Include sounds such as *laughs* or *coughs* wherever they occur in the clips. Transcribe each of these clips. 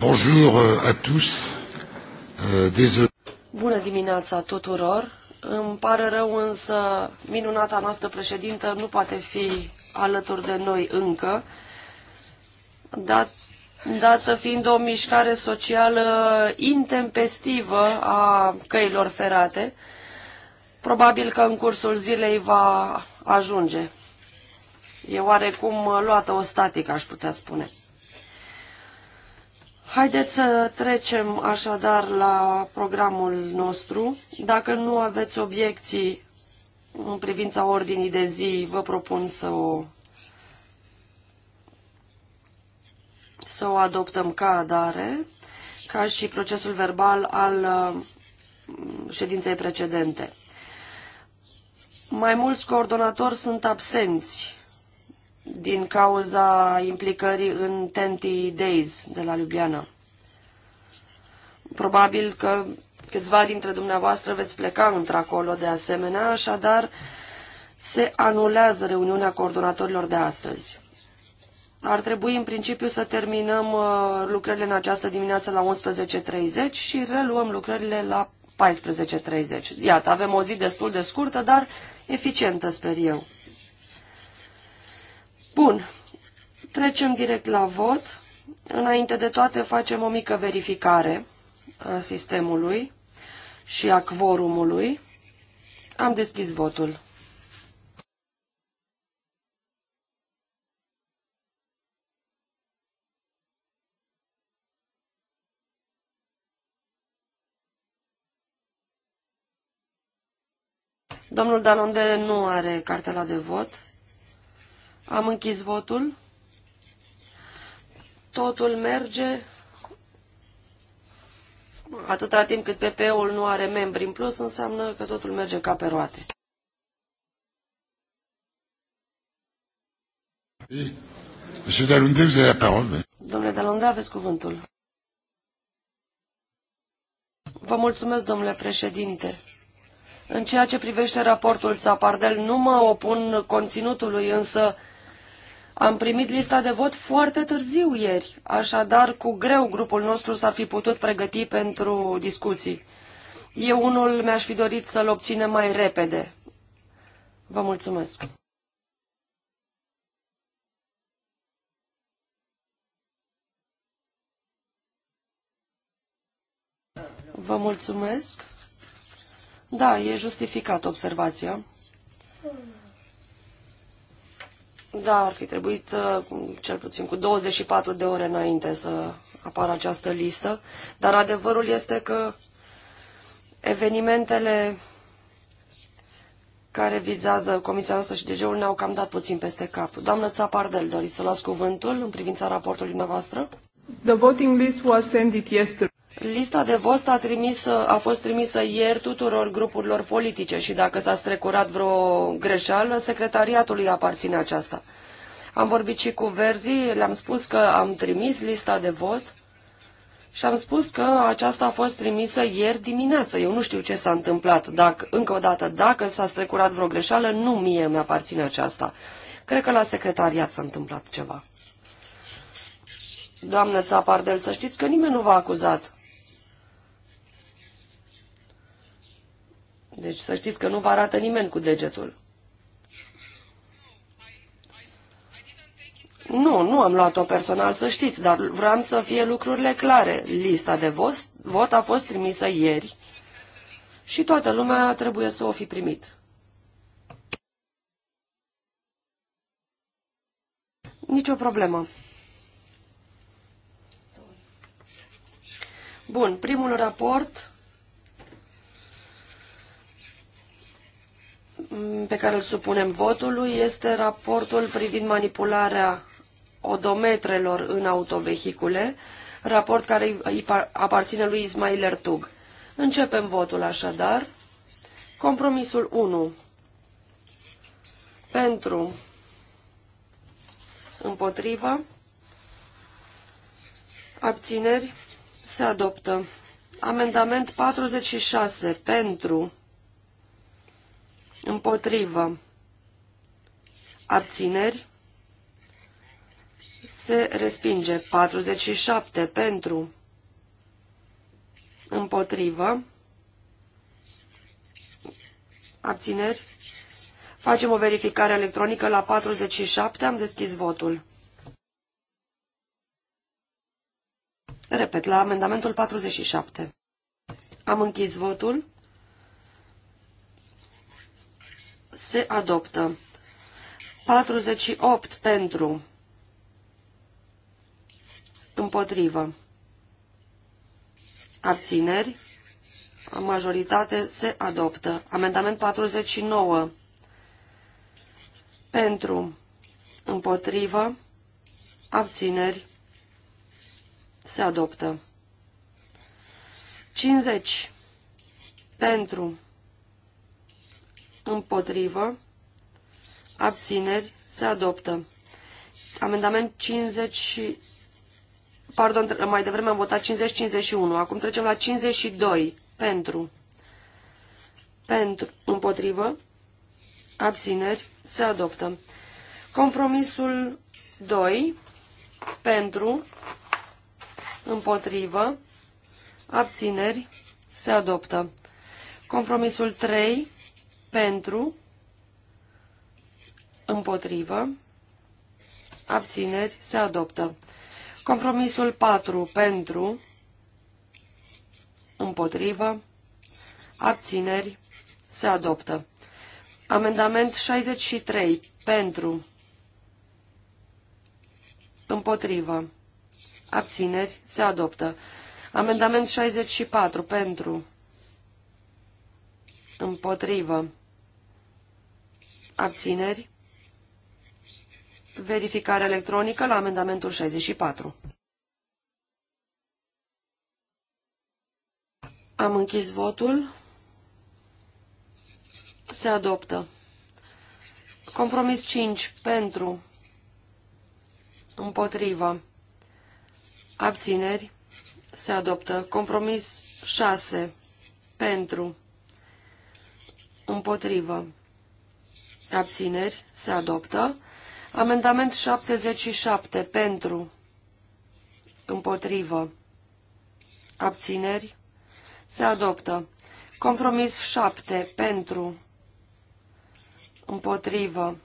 Bonjour euh, à tous. Euh, désolé. Bună dimineața tuturor. Îmi pare rău însă minunata noastră președintă nu poate fi alături de noi încă, dat, dată fiind o mișcare socială intempestivă a căilor ferate. Probabil că în cursul zilei va ajunge. E oarecum luată o statică, aș putea spune. Haideți să trecem așadar la programul nostru. Dacă nu aveți obiecții în privința ordinii de zi, vă propun să o, să o adoptăm ca adare, ca și procesul verbal al uh, ședinței precedente. Mai mulți coordonatori sunt absenți din cauza implicării în Tenti Days de la Ljubljana. Probabil că câțiva dintre dumneavoastră veți pleca într-acolo de asemenea, așadar se anulează reuniunea coordonatorilor de astăzi. Ar trebui în principiu să terminăm uh, lucrările în această dimineață la 11.30 și reluăm lucrările la 14.30. Iată, avem o zi destul de scurtă, dar eficientă, sper eu. Bun. Trecem direct la vot. Înainte de toate facem o mică verificare a sistemului și a quorumului. Am deschis votul. Domnul Dalonde nu are cartela de vot. Am închis votul. Totul merge atâta timp cât PP-ul nu are membri în plus, înseamnă că totul merge ca pe roate. Domnule Dalunde, aveți cuvântul. Vă mulțumesc, domnule președinte. În ceea ce privește raportul Țapardel, nu mă opun conținutului, însă am primit lista de vot foarte târziu ieri, așadar cu greu grupul nostru s-ar fi putut pregăti pentru discuții. Eu unul mi-aș fi dorit să-l obținem mai repede. Vă mulțumesc. Vă mulțumesc. Da, e justificat observația. Hmm. Da, ar fi trebuit uh, cel puțin cu 24 de ore înainte să apară această listă, dar adevărul este că evenimentele care vizează Comisia noastră și DG-ul ne-au cam dat puțin peste cap. Doamnă Țapardel, doriți să luați cuvântul în privința raportului dumneavoastră? The voting list was sent it yesterday. Lista de vot a, a fost trimisă ieri tuturor grupurilor politice și dacă s-a strecurat vreo greșeală, secretariatului aparține aceasta. Am vorbit și cu verzii, le-am spus că am trimis lista de vot și am spus că aceasta a fost trimisă ieri dimineață. Eu nu știu ce s-a întâmplat. Dacă, încă o dată, dacă s-a strecurat vreo greșeală, nu mie mi-aparține aceasta. Cred că la secretariat s-a întâmplat ceva. Doamnă Țapardel, să știți că nimeni nu v-a acuzat. Deci să știți că nu vă arată nimeni cu degetul. Nu, nu am luat-o personal, să știți, dar vreau să fie lucrurile clare. Lista de vot, vot a fost trimisă ieri și toată lumea trebuie să o fi primit. Nicio problemă. Bun, primul raport pe care îl supunem votului este raportul privind manipularea odometrelor în autovehicule, raport care îi aparține lui Ismail Ertug. Începem votul așadar. Compromisul 1. Pentru. Împotriva. Abțineri. Se adoptă. Amendament 46. Pentru împotrivă, abțineri, se respinge 47 pentru, împotrivă, abțineri, facem o verificare electronică la 47, am deschis votul. Repet, la amendamentul 47. Am închis votul. se adoptă. 48 pentru, împotrivă, abțineri, majoritate se adoptă. Amendament 49 pentru, împotrivă, abțineri, se adoptă. 50 pentru, împotrivă, abțineri, se adoptă. Amendament 50 și... Pardon, mai devreme am votat 50-51. Acum trecem la 52. Pentru. Pentru. Împotrivă. Abțineri. Se adoptă. Compromisul 2. Pentru. Împotrivă. Abțineri. Se adoptă. Compromisul 3 pentru, împotrivă, abțineri, se adoptă. Compromisul 4 pentru, împotrivă, abțineri, se adoptă. Amendament 63 pentru, împotrivă, abțineri, se adoptă. Amendament 64 pentru, împotrivă, abțineri, verificare electronică la amendamentul 64. Am închis votul. Se adoptă. Compromis 5. Pentru. Împotrivă. Abțineri. Se adoptă. Compromis 6. Pentru. Împotrivă. Abțineri. Se adoptă. Amendament 77. Pentru. Împotrivă. Abțineri. Se adoptă. Compromis 7. Pentru. Împotrivă.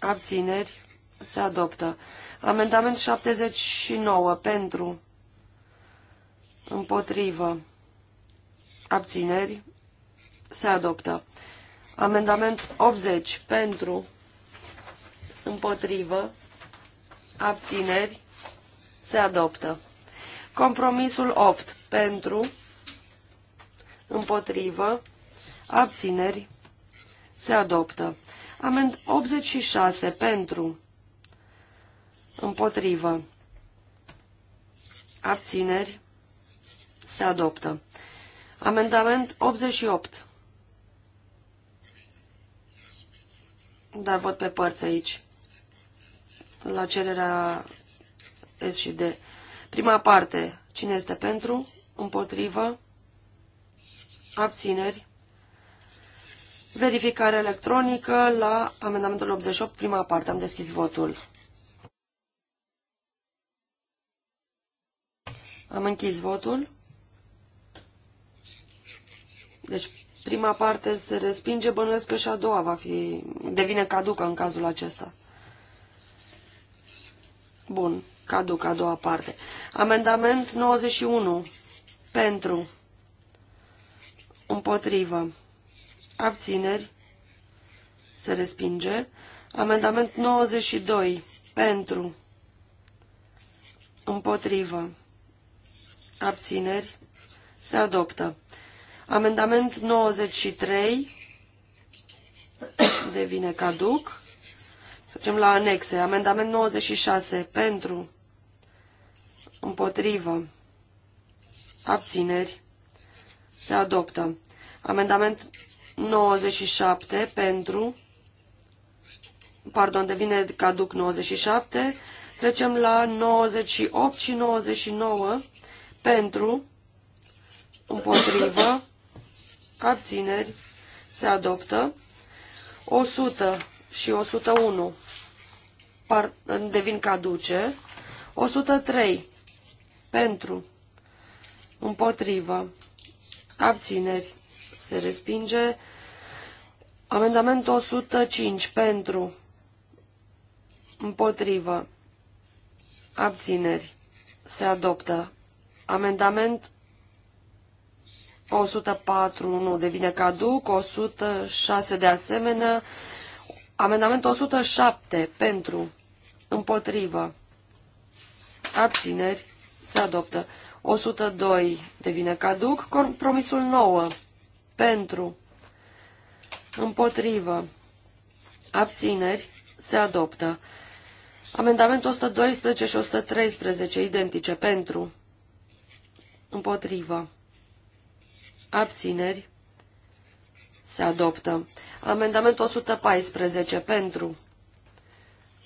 Abțineri. Se adoptă. Amendament 79. Pentru. Împotrivă. Abțineri. Se adoptă. Amendament 80 pentru, împotrivă, abțineri, se adoptă. Compromisul 8 pentru, împotrivă, abțineri, se adoptă. Amend 86 pentru, împotrivă, abțineri, se adoptă. Amendament 88 Dar vot pe părți aici. La cererea S și D. Prima parte. Cine este pentru? Împotrivă? Abțineri? Verificare electronică la amendamentul 88, prima parte. Am deschis votul. Am închis votul. Deci Prima parte se respinge, bănuiesc că și a doua va fi, devine caducă în cazul acesta. Bun, caducă a doua parte. Amendament 91. Pentru. Împotrivă. Abțineri. Se respinge. Amendament 92. Pentru. Împotrivă. Abțineri. Se adoptă. Amendament 93 devine caduc. Facem la anexe. Amendament 96 pentru, împotrivă, abțineri, se adoptă. Amendament 97 pentru, pardon, devine caduc 97. Trecem la 98 și 99 pentru, împotrivă, abțineri, se adoptă. 100 și 101 par, devin caduce. 103 pentru, împotrivă, abțineri, se respinge. Amendament 105 pentru, împotrivă, abțineri, se adoptă. Amendament 104 nu devine caduc, 106 de asemenea, amendamentul 107 pentru, împotrivă, abțineri, se adoptă. 102 devine caduc, compromisul 9 pentru, împotrivă, abțineri, se adoptă. Amendamentul 112 și 113 identice pentru, împotrivă abțineri, se adoptă. Amendamentul 114 pentru,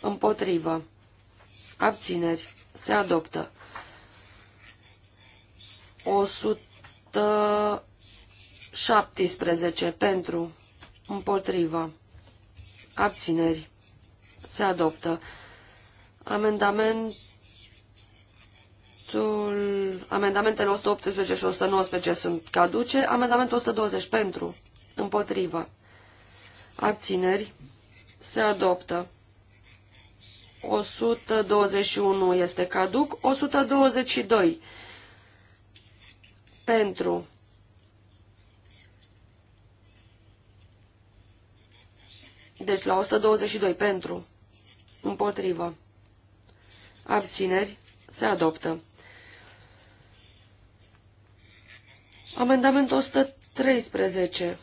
împotrivă, abțineri, se adoptă. 117 pentru, împotrivă, abțineri, se adoptă. Amendament 100, amendamentele 118 și 119 sunt caduce, amendamentul 120 pentru, împotrivă, abțineri, se adoptă. 121 este caduc, 122 pentru, deci la 122 pentru, împotrivă, abțineri, se adoptă. Amendamentul 113.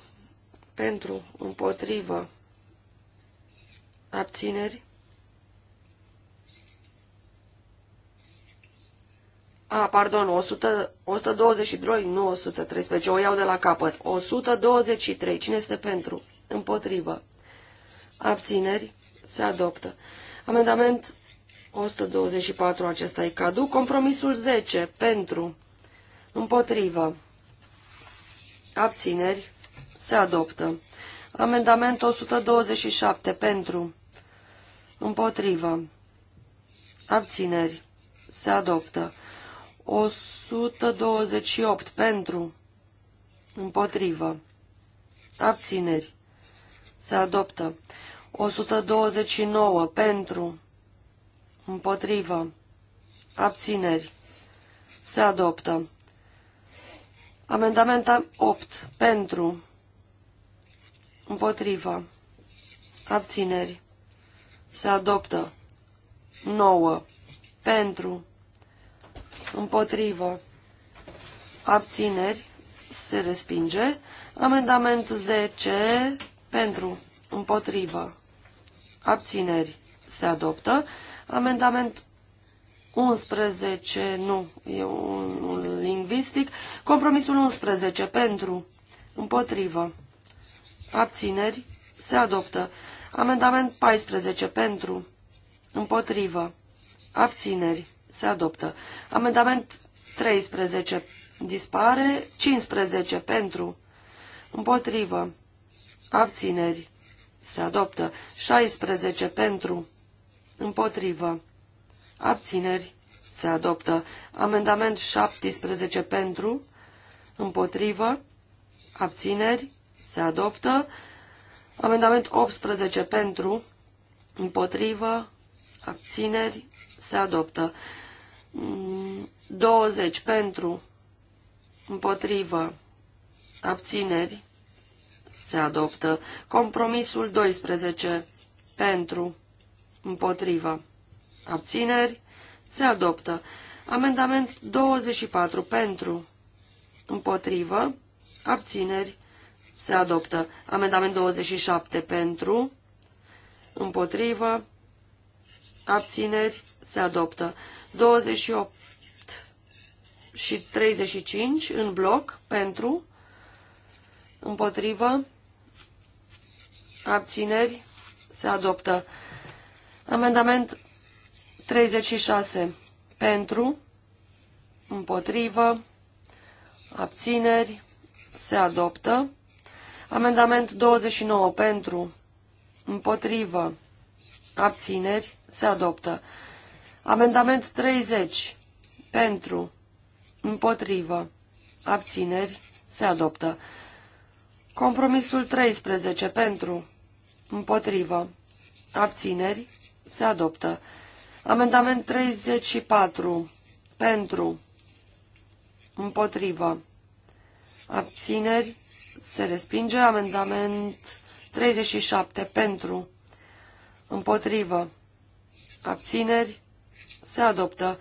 Pentru, împotrivă, abțineri. A, pardon, 100, 122, nu 113, o iau de la capăt. 123, cine este pentru? Împotrivă. Abțineri, se adoptă. Amendament 124, acesta e cadu. Compromisul 10, pentru. Împotrivă. Abțineri. Se adoptă. Amendament 127. Pentru. Împotrivă. Abțineri. Se adoptă. 128. Pentru. Împotrivă. Abțineri. Se adoptă. 129. Pentru. Împotrivă. Abțineri. Se adoptă. Amendament 8. Pentru. Împotrivă. Abțineri. Se adoptă. 9. Pentru. Împotrivă. Abțineri. Se respinge. Amendament 10. Pentru. Împotrivă. Abțineri. Se adoptă. Amendament 11, nu, e un, un lingvistic. Compromisul 11, pentru, împotrivă, abțineri, se adoptă. Amendament 14, pentru, împotrivă, abțineri, se adoptă. Amendament 13, dispare, 15, pentru, împotrivă, abțineri, se adoptă. 16, pentru, împotrivă, abțineri, se adoptă. Amendament 17 pentru, împotrivă, abțineri, se adoptă. Amendament 18 pentru, împotrivă, abțineri, se adoptă. 20 mm, pentru, împotrivă, abțineri, se adoptă. Compromisul 12 pentru, împotrivă, Abțineri. Se adoptă. Amendament 24. Pentru. Împotrivă. Abțineri. Se adoptă. Amendament 27. Pentru. Împotrivă. Abțineri. Se adoptă. 28 și 35 în bloc. Pentru. Împotrivă. Abțineri. Se adoptă. Amendament 36 pentru, împotrivă, abțineri, se adoptă. Amendament 29 pentru, împotrivă, abțineri, se adoptă. Amendament 30 pentru, împotrivă, abțineri, se adoptă. Compromisul 13 pentru, împotrivă, abțineri, se adoptă. Amendament 34. Pentru. Împotrivă. Abțineri. Se respinge. Amendament 37. Pentru. Împotrivă. Abțineri. Se adoptă.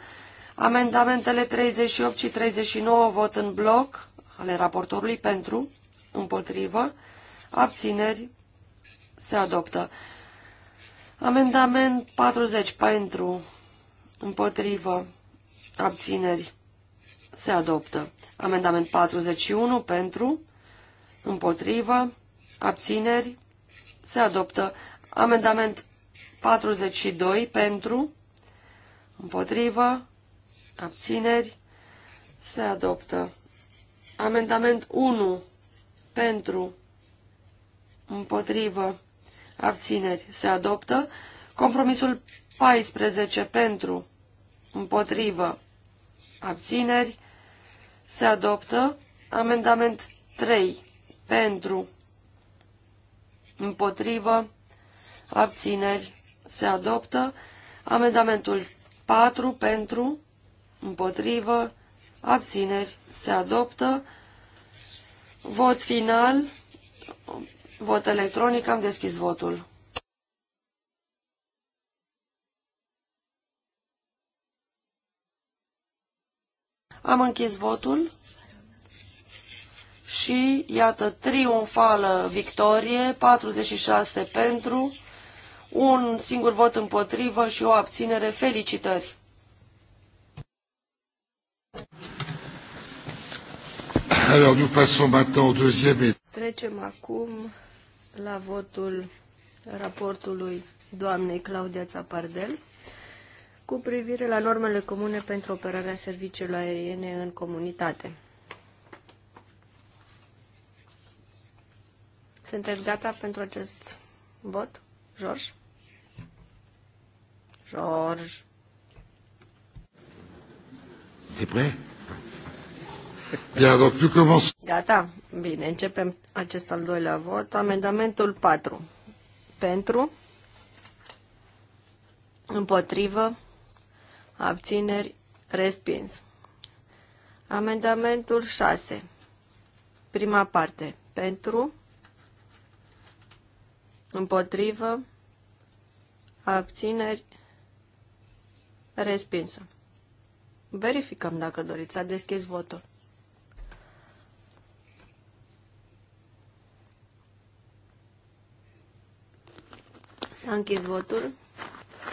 Amendamentele 38 și 39 vot în bloc ale raportorului pentru, împotrivă, abțineri, se adoptă. Amendament 40 pentru, împotrivă, abțineri, se adoptă. Amendament 41 pentru, împotrivă, abțineri, se adoptă. Amendament 42 pentru, împotrivă, abțineri, se adoptă. Amendament 1 pentru, împotrivă, abțineri, se adoptă. Compromisul 14 pentru, împotrivă, abțineri, se adoptă. Amendament 3 pentru, împotrivă, abțineri, se adoptă. Amendamentul 4 pentru, împotrivă, abțineri, se adoptă. Vot final Vot electronic, am deschis votul. Am închis votul și, iată, triumfală victorie, 46 pentru, un singur vot împotrivă și o abținere. Felicitări! Alors, nous passons maintenant au deuxième Trecem acum la votul raportului doamnei Claudia Țapardel cu privire la normele comune pentru operarea serviciilor aeriene în comunitate. Sunteți gata pentru acest vot, George? George. T'es prea? Bien, donc nous Gata. Bine, începem acest al doilea vot. Amendamentul 4. Pentru. Împotrivă. Abțineri. Respins. Amendamentul 6. Prima parte. Pentru. Împotrivă. Abțineri. Respinsă. Verificăm dacă doriți. să a votul. S-a închis votul.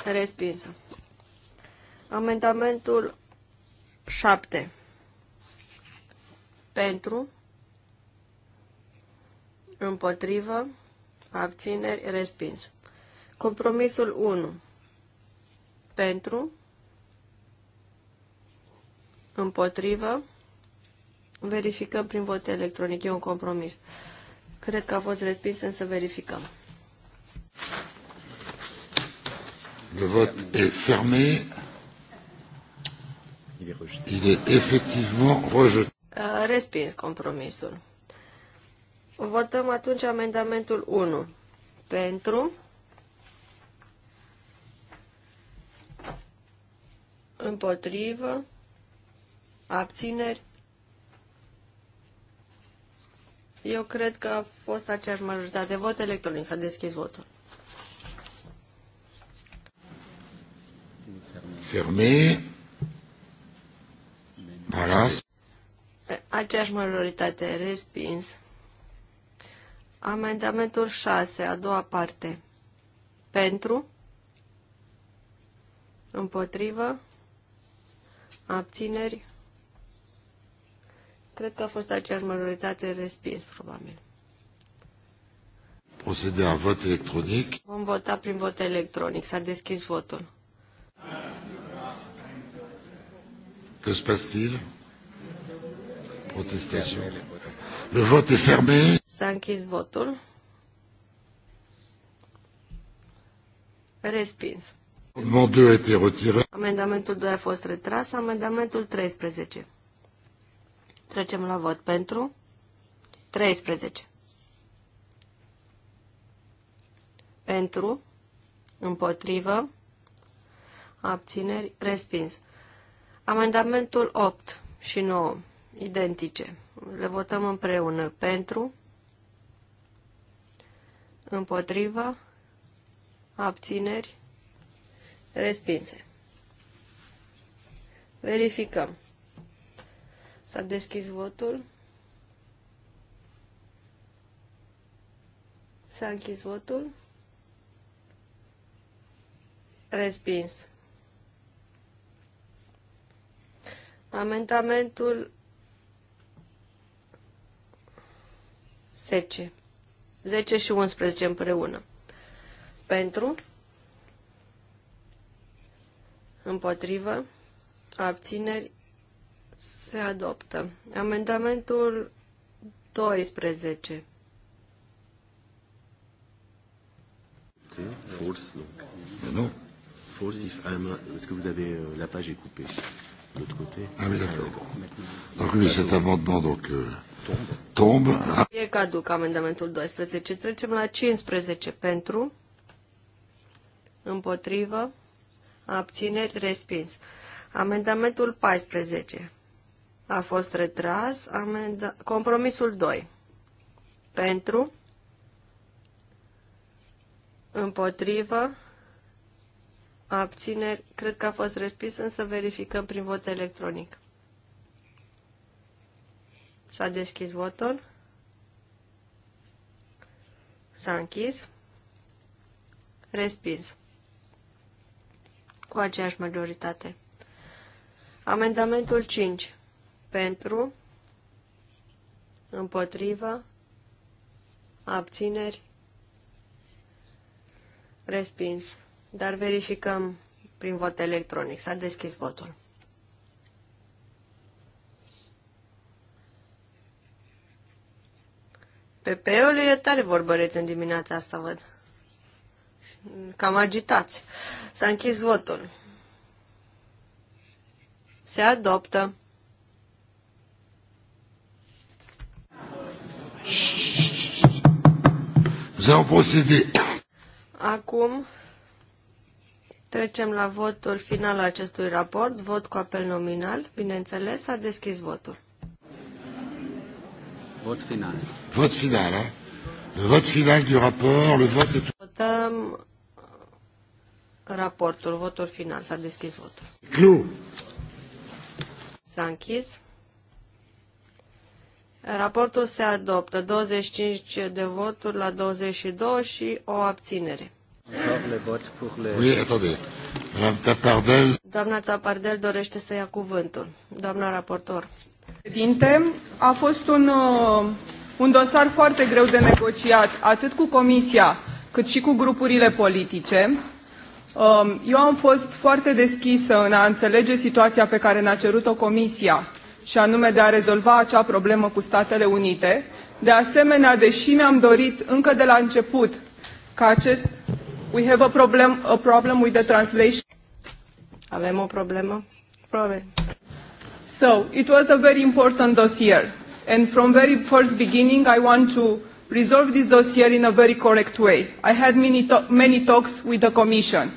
Respins. Amendamentul 7. Pentru. Împotrivă. Abțineri. Respins. Compromisul 1. Pentru. Împotrivă. Verificăm prin vot electronic. E un compromis. Cred că a fost respins, însă verificăm. Le vote est fermé. Il est effectivement rejeté. A respins compromisul. Votăm atunci amendamentul 1. Pentru. Împotrivă. Abțineri. Eu cred că a fost aceeași majoritate. Vot electronic. S-a deschis votul. Fermé. Voilà. Aceeași majoritate, respins. Amendamentul 6, a doua parte. Pentru. Împotrivă. Abțineri. Cred că a fost aceeași majoritate respins, probabil. Procedea vot electronic. Vom vota prin vot electronic. S-a deschis votul. Que se passe-t-il Protestation. Le vote est fermé. s închis votul. Respins. Amendement 2 a été retiré. Amendamentul 2 a fost retras. Amendamentul 13. Trecem la vot pentru 13. Pentru, împotrivă, abțineri, respins. Amendamentul 8 și 9, identice. Le votăm împreună pentru, împotriva, abțineri, respinse. Verificăm. S-a deschis votul. S-a închis votul. Respins. Amendamentul 10. 10 și 11 împreună. Pentru, împotrivă, abțineri, se adoptă. Amendamentul 12. Force, donc. Non. Force, if vă est La page est coupée l'autre côté. Ah oui, d'accord. Donc oui, cet amendement donc, euh, tombe. E caduc amendamentul 12. Trecem la 15 pentru, împotrivă, abțineri, respins. Amendamentul 14 a fost retras. Amenda... Compromisul 2 pentru, împotrivă, abțineri, cred că a fost respins, însă verificăm prin vot electronic. S-a deschis votul. S-a închis. Respins. Cu aceeași majoritate. Amendamentul 5. Pentru. Împotrivă. Abțineri. Respins dar verificăm prin vot electronic. S-a deschis votul. PP-ul e tare vorbăreț în dimineața asta, văd. Cam agitați. S-a închis votul. Se adoptă. Acum Trecem la votul final al acestui raport, vot cu apel nominal. Bineînțeles, a deschis votul. Vot final. Vot final, eh? vot final du raport, le vot Votăm uh, raportul, votul final, s-a deschis votul. Clu. S-a închis. Raportul se adoptă, 25 de voturi la 22 și o abținere. Doamna Țapardel dorește să ia cuvântul. Doamna raportor. Președinte, a fost un, uh, un dosar foarte greu de negociat, atât cu Comisia, cât și cu grupurile politice. Uh, eu am fost foarte deschisă în a înțelege situația pe care ne-a cerut-o Comisia, și anume de a rezolva acea problemă cu Statele Unite. De asemenea, deși mi-am dorit încă de la început ca acest We have a problem, a problem with the translation. Avem o problemă? Probabil. So, it was a very important dossier. And from very first beginning, I want to resolve this dossier in a very correct way. I had many, to many talks with the Commission.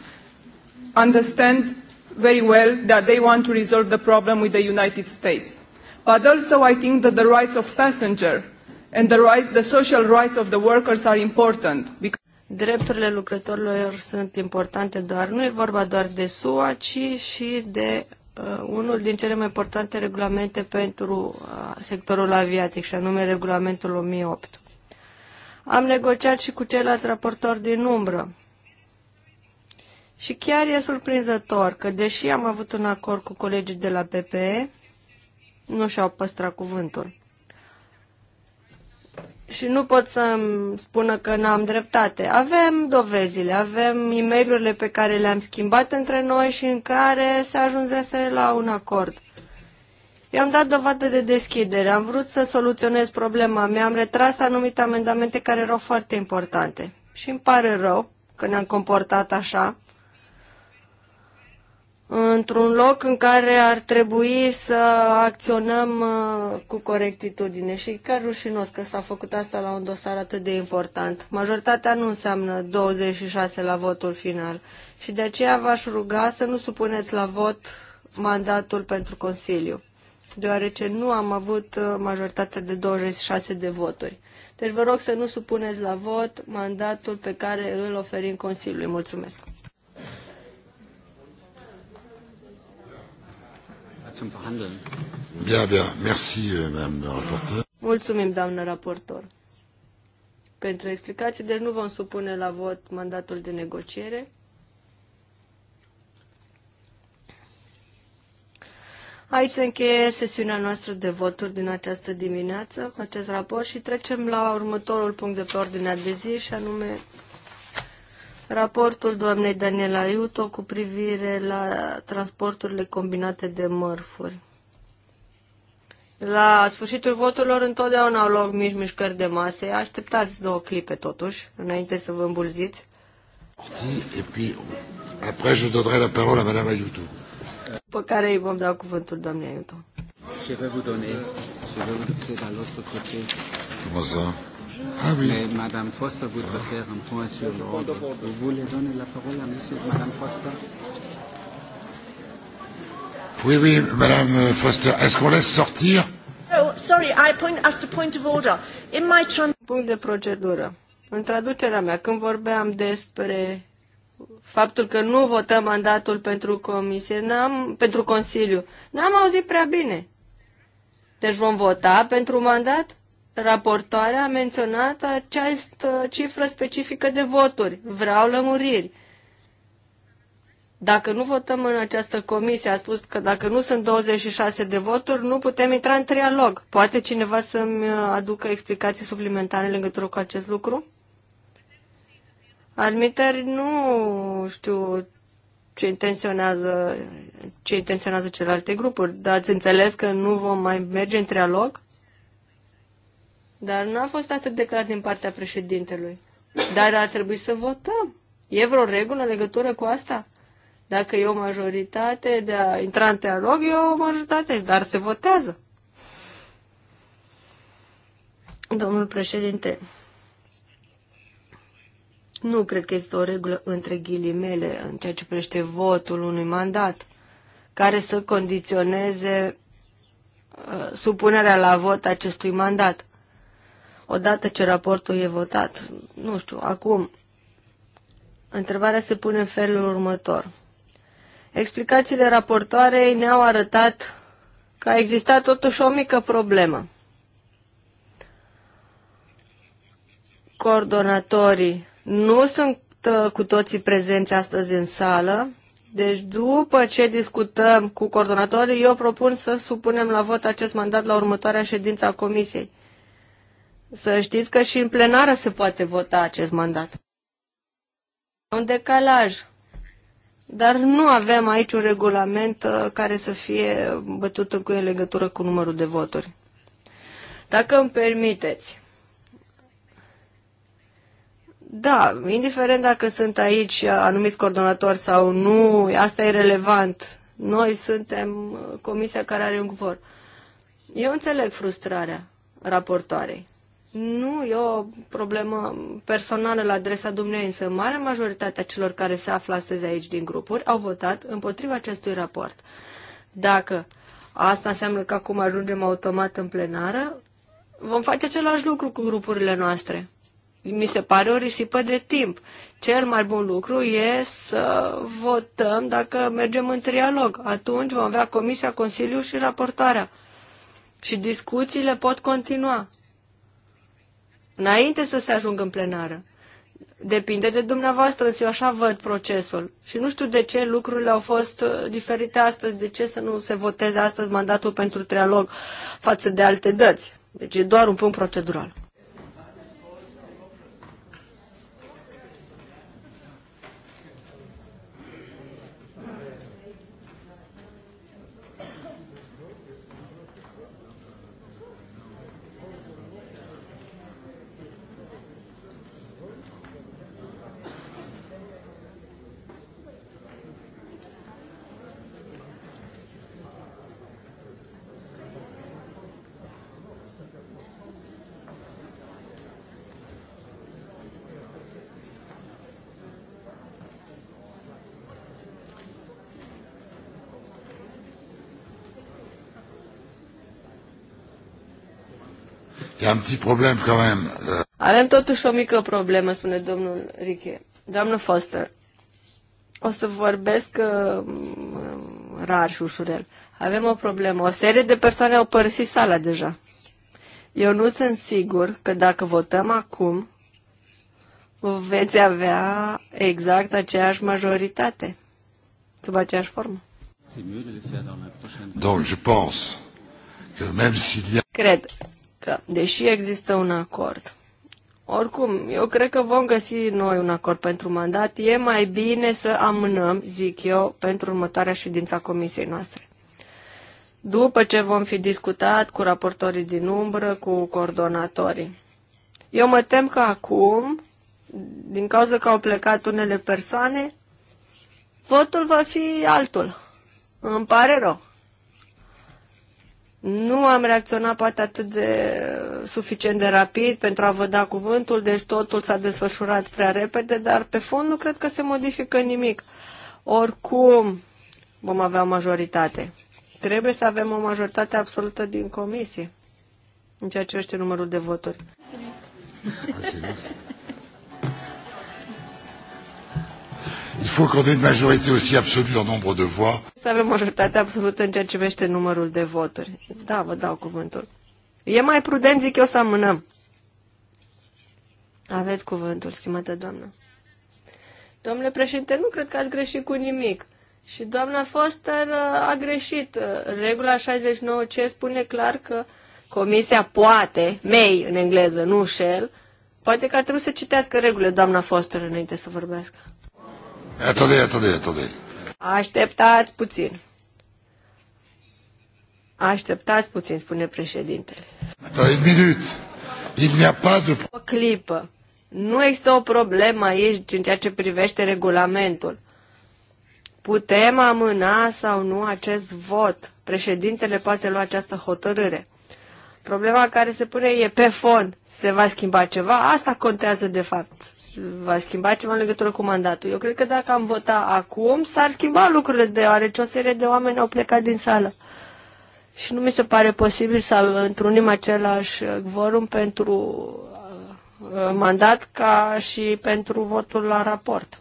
Understand very well that they want to resolve the problem with the United States. But also I think that the rights of passenger and the, right, the social rights of the workers are important. Because drepturile lucrătorilor sunt importante doar, nu e vorba doar de SUA, ci și de uh, unul din cele mai importante regulamente pentru uh, sectorul aviatic, și anume regulamentul 1008. Am negociat și cu ceilalți raportori din umbră. Și chiar e surprinzător că, deși am avut un acord cu colegii de la PPE, nu și-au păstrat cuvântul și nu pot să-mi spună că n-am dreptate. Avem dovezile, avem e mail pe care le-am schimbat între noi și în care se ajunsese la un acord. I-am dat dovadă de deschidere, am vrut să soluționez problema mea, am retras anumite amendamente care erau foarte importante. Și îmi pare rău că ne-am comportat așa, într-un loc în care ar trebui să acționăm uh, cu corectitudine. Și chiar rușinos că s-a făcut asta la un dosar atât de important. Majoritatea nu înseamnă 26 la votul final. Și de aceea v-aș ruga să nu supuneți la vot mandatul pentru Consiliu, deoarece nu am avut uh, majoritatea de 26 de voturi. Deci vă rog să nu supuneți la vot mandatul pe care îl oferim Consiliului. Mulțumesc! zum Verhandeln. Bien, bien. Merci, euh, Madame la Mulțumim, doamnă raportor. Pentru explicații, deci nu vom supune la vot mandatul de negociere. Aici se încheie sesiunea noastră de voturi din această dimineață, acest raport, și trecem la următorul punct de pe ordinea de zi, și anume Raportul doamnei Daniela Iuto cu privire la transporturile combinate de mărfuri. La sfârșitul voturilor întotdeauna au loc mici mișcări de mase. Așteptați două clipe totuși, înainte să vă îmbulziți. După care îi vom da cuvântul doamnei Iuto. Je vais vous donner, je vais vous donner l'autre côté. Comment ça Ah oui. Mais Madame Foster voudrait ah. faire un point sur l'ordre. Vous voulez donner la parole à Monsieur, Madame Foster Oui, oui, Madame Foster. Est-ce qu'on laisse sortir oh, Sorry, I point as to point of order. In my punct de procedură. În traducerea mea, când vorbeam despre faptul că nu votăm mandatul pentru comisie, n-am, pentru Consiliu, n-am auzit prea bine. Deci vom vota pentru mandat? raportoarea a menționat această cifră specifică de voturi. Vreau lămuriri. Dacă nu votăm în această comisie, a spus că dacă nu sunt 26 de voturi, nu putem intra în trialog. Poate cineva să-mi uh, aducă explicații suplimentare în legătură cu acest lucru? Admiteri, nu știu ce intenționează, ce intenționează celelalte grupuri, dar ați înțeles că nu vom mai merge în trialog? Dar nu a fost atât de clar din partea președintelui. Dar ar trebui să votăm. E vreo regulă în legătură cu asta? Dacă e o majoritate de a intra în dialog, e o majoritate, dar se votează. Domnul președinte, nu cred că este o regulă între ghilimele în ceea ce privește votul unui mandat care să condiționeze uh, supunerea la vot acestui mandat odată ce raportul e votat. Nu știu, acum, întrebarea se pune în felul următor. Explicațiile raportoarei ne-au arătat că a existat totuși o mică problemă. Coordonatorii nu sunt uh, cu toții prezenți astăzi în sală, deci după ce discutăm cu coordonatorii, eu propun să supunem la vot acest mandat la următoarea ședință a comisiei. Să știți că și în plenară se poate vota acest mandat. Un decalaj. Dar nu avem aici un regulament uh, care să fie bătut în cuie în legătură cu numărul de voturi. Dacă îmi permiteți. Da, indiferent dacă sunt aici anumiți coordonatori sau nu, asta e relevant. Noi suntem comisia care are un cuvor. Eu înțeleg frustrarea raportoarei. Nu e o problemă personală la adresa dumneavoastră, însă marea majoritate a celor care se află astăzi aici din grupuri au votat împotriva acestui raport. Dacă asta înseamnă că acum ajungem automat în plenară, vom face același lucru cu grupurile noastre. Mi se pare o risipă de timp. Cel mai bun lucru e să votăm dacă mergem în trialog. Atunci vom avea Comisia, Consiliu și raportarea. Și discuțiile pot continua înainte să se ajungă în plenară. Depinde de dumneavoastră, însă eu așa văd procesul. Și nu știu de ce lucrurile au fost uh, diferite astăzi, de ce să nu se voteze astăzi mandatul pentru trialog față de alte dăți. Deci e doar un punct procedural. un petit problème quand même. Euh, Avem totuși o mică problemă, spune domnul Riche. Doamnă Foster, o să vorbesc uh, mm, rar și ușurel. Avem o problemă. O serie de persoane au părăsit sala deja. Eu nu sunt sigur că dacă votăm acum, veți avea exact aceeași majoritate, sub aceeași formă. Donc, je pense que même s'il y a... Cred că, deși există un acord, oricum, eu cred că vom găsi noi un acord pentru mandat. E mai bine să amânăm, zic eu, pentru următoarea ședință a comisiei noastre. După ce vom fi discutat cu raportorii din umbră, cu coordonatorii. Eu mă tem că acum, din cauza că au plecat unele persoane, votul va fi altul. Îmi pare rău. Nu am reacționat poate atât de suficient de rapid pentru a vă da cuvântul, deci totul s-a desfășurat prea repede, dar pe fond nu cred că se modifică nimic. Oricum vom avea o majoritate. Trebuie să avem o majoritate absolută din comisie în ceea ce este numărul de voturi. Il faut qu'on ait une majorité aussi absolue en nombre de voix. Să avem majoritate absolută în ceea ce privește numărul de voturi. Da, vă dau cuvântul. E mai prudent, zic eu, să amânăm. Aveți cuvântul, stimată doamnă. Domnule președinte, nu cred că ați greșit cu nimic. Și doamna Foster uh, a greșit. Uh, regula 69C spune clar că comisia poate, mei în engleză, nu shell, poate că a trebuit să citească regulile doamna Foster înainte să vorbească. Așteptați puțin. Așteptați puțin, spune președintele. Attendez, minut. Il n'y a pas de... O clipă. Nu există o problemă aici în ceea ce privește regulamentul. Putem amâna sau nu acest vot. Președintele poate lua această hotărâre. Problema care se pune e pe fond. Se va schimba ceva? Asta contează de fapt. Va schimba ceva în legătură cu mandatul. Eu cred că dacă am votat acum, s-ar schimba lucrurile, deoarece o serie de oameni au plecat din sală. Și nu mi se pare posibil să întrunim același vorum pentru uh, uh, mandat ca și pentru votul la raport.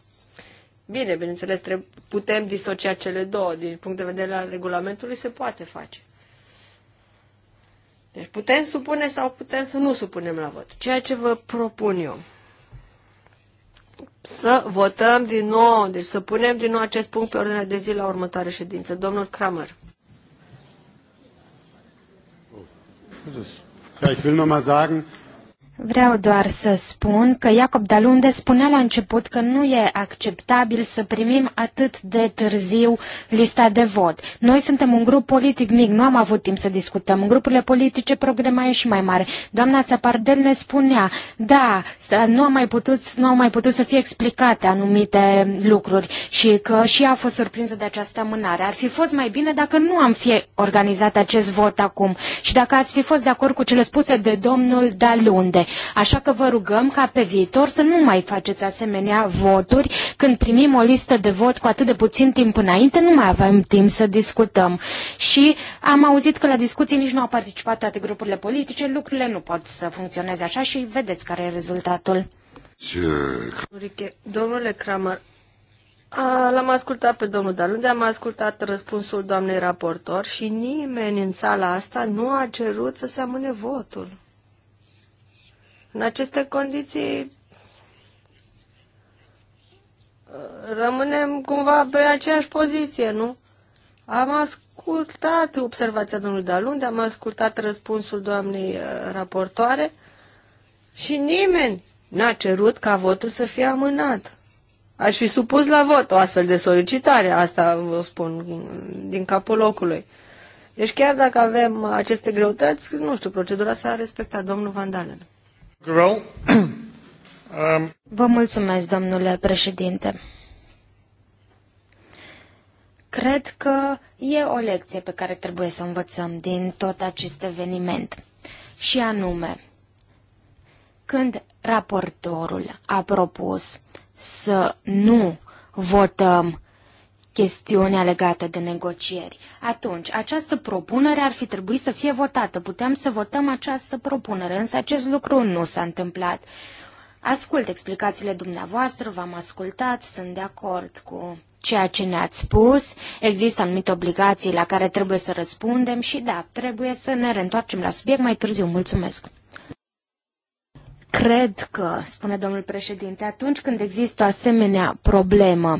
Bine, bineînțeles, putem disocia cele două. Din punct de vedere al regulamentului se poate face. Deci putem supune sau putem să nu supunem la vot. Ceea ce vă propun eu. Să votăm din nou, deci să punem din nou acest punct pe ordinea de zi la următoare ședință. Domnul Kramer. Oh, ja, ich will nur mal sagen, Vreau doar să spun că Iacob Dalunde spunea la început că nu e acceptabil să primim atât de târziu lista de vot. Noi suntem un grup politic mic, nu am avut timp să discutăm. În grupurile politice problema e și mai mare. Doamna Țapardel ne spunea, da, nu au mai putut, nu au mai putut să fie explicate anumite lucruri și că și ea a fost surprinsă de această amânare. Ar fi fost mai bine dacă nu am fi organizat acest vot acum și dacă ați fi fost de acord cu cele spuse de domnul Dalunde Așa că vă rugăm ca pe viitor să nu mai faceți asemenea voturi. Când primim o listă de vot cu atât de puțin timp înainte, nu mai avem timp să discutăm. Și am auzit că la discuții nici nu au participat toate grupurile politice, lucrurile nu pot să funcționeze așa și vedeți care e rezultatul. Ce... Domnule Kramer, L-am ascultat pe domnul Dalunde, am ascultat răspunsul doamnei raportor și nimeni în sala asta nu a cerut să se amâne votul. În aceste condiții rămânem cumva pe aceeași poziție, nu? Am ascultat observația domnului Dalunde, am ascultat răspunsul doamnei uh, raportoare și nimeni n-a cerut ca votul să fie amânat. Aș fi supus la vot o astfel de solicitare, asta vă spun din capul locului. Deci chiar dacă avem aceste greutăți, nu știu, procedura s-a respectat, domnul Vandalen. Vă mulțumesc, domnule președinte. Cred că e o lecție pe care trebuie să o învățăm din tot acest eveniment. Și anume, când raportorul a propus să nu votăm chestiunea legată de negocieri. Atunci, această propunere ar fi trebuit să fie votată. Puteam să votăm această propunere, însă acest lucru nu s-a întâmplat. Ascult explicațiile dumneavoastră, v-am ascultat, sunt de acord cu ceea ce ne-ați spus, există anumite obligații la care trebuie să răspundem și da, trebuie să ne reîntoarcem la subiect mai târziu. Mulțumesc! Cred că, spune domnul președinte, atunci când există o asemenea problemă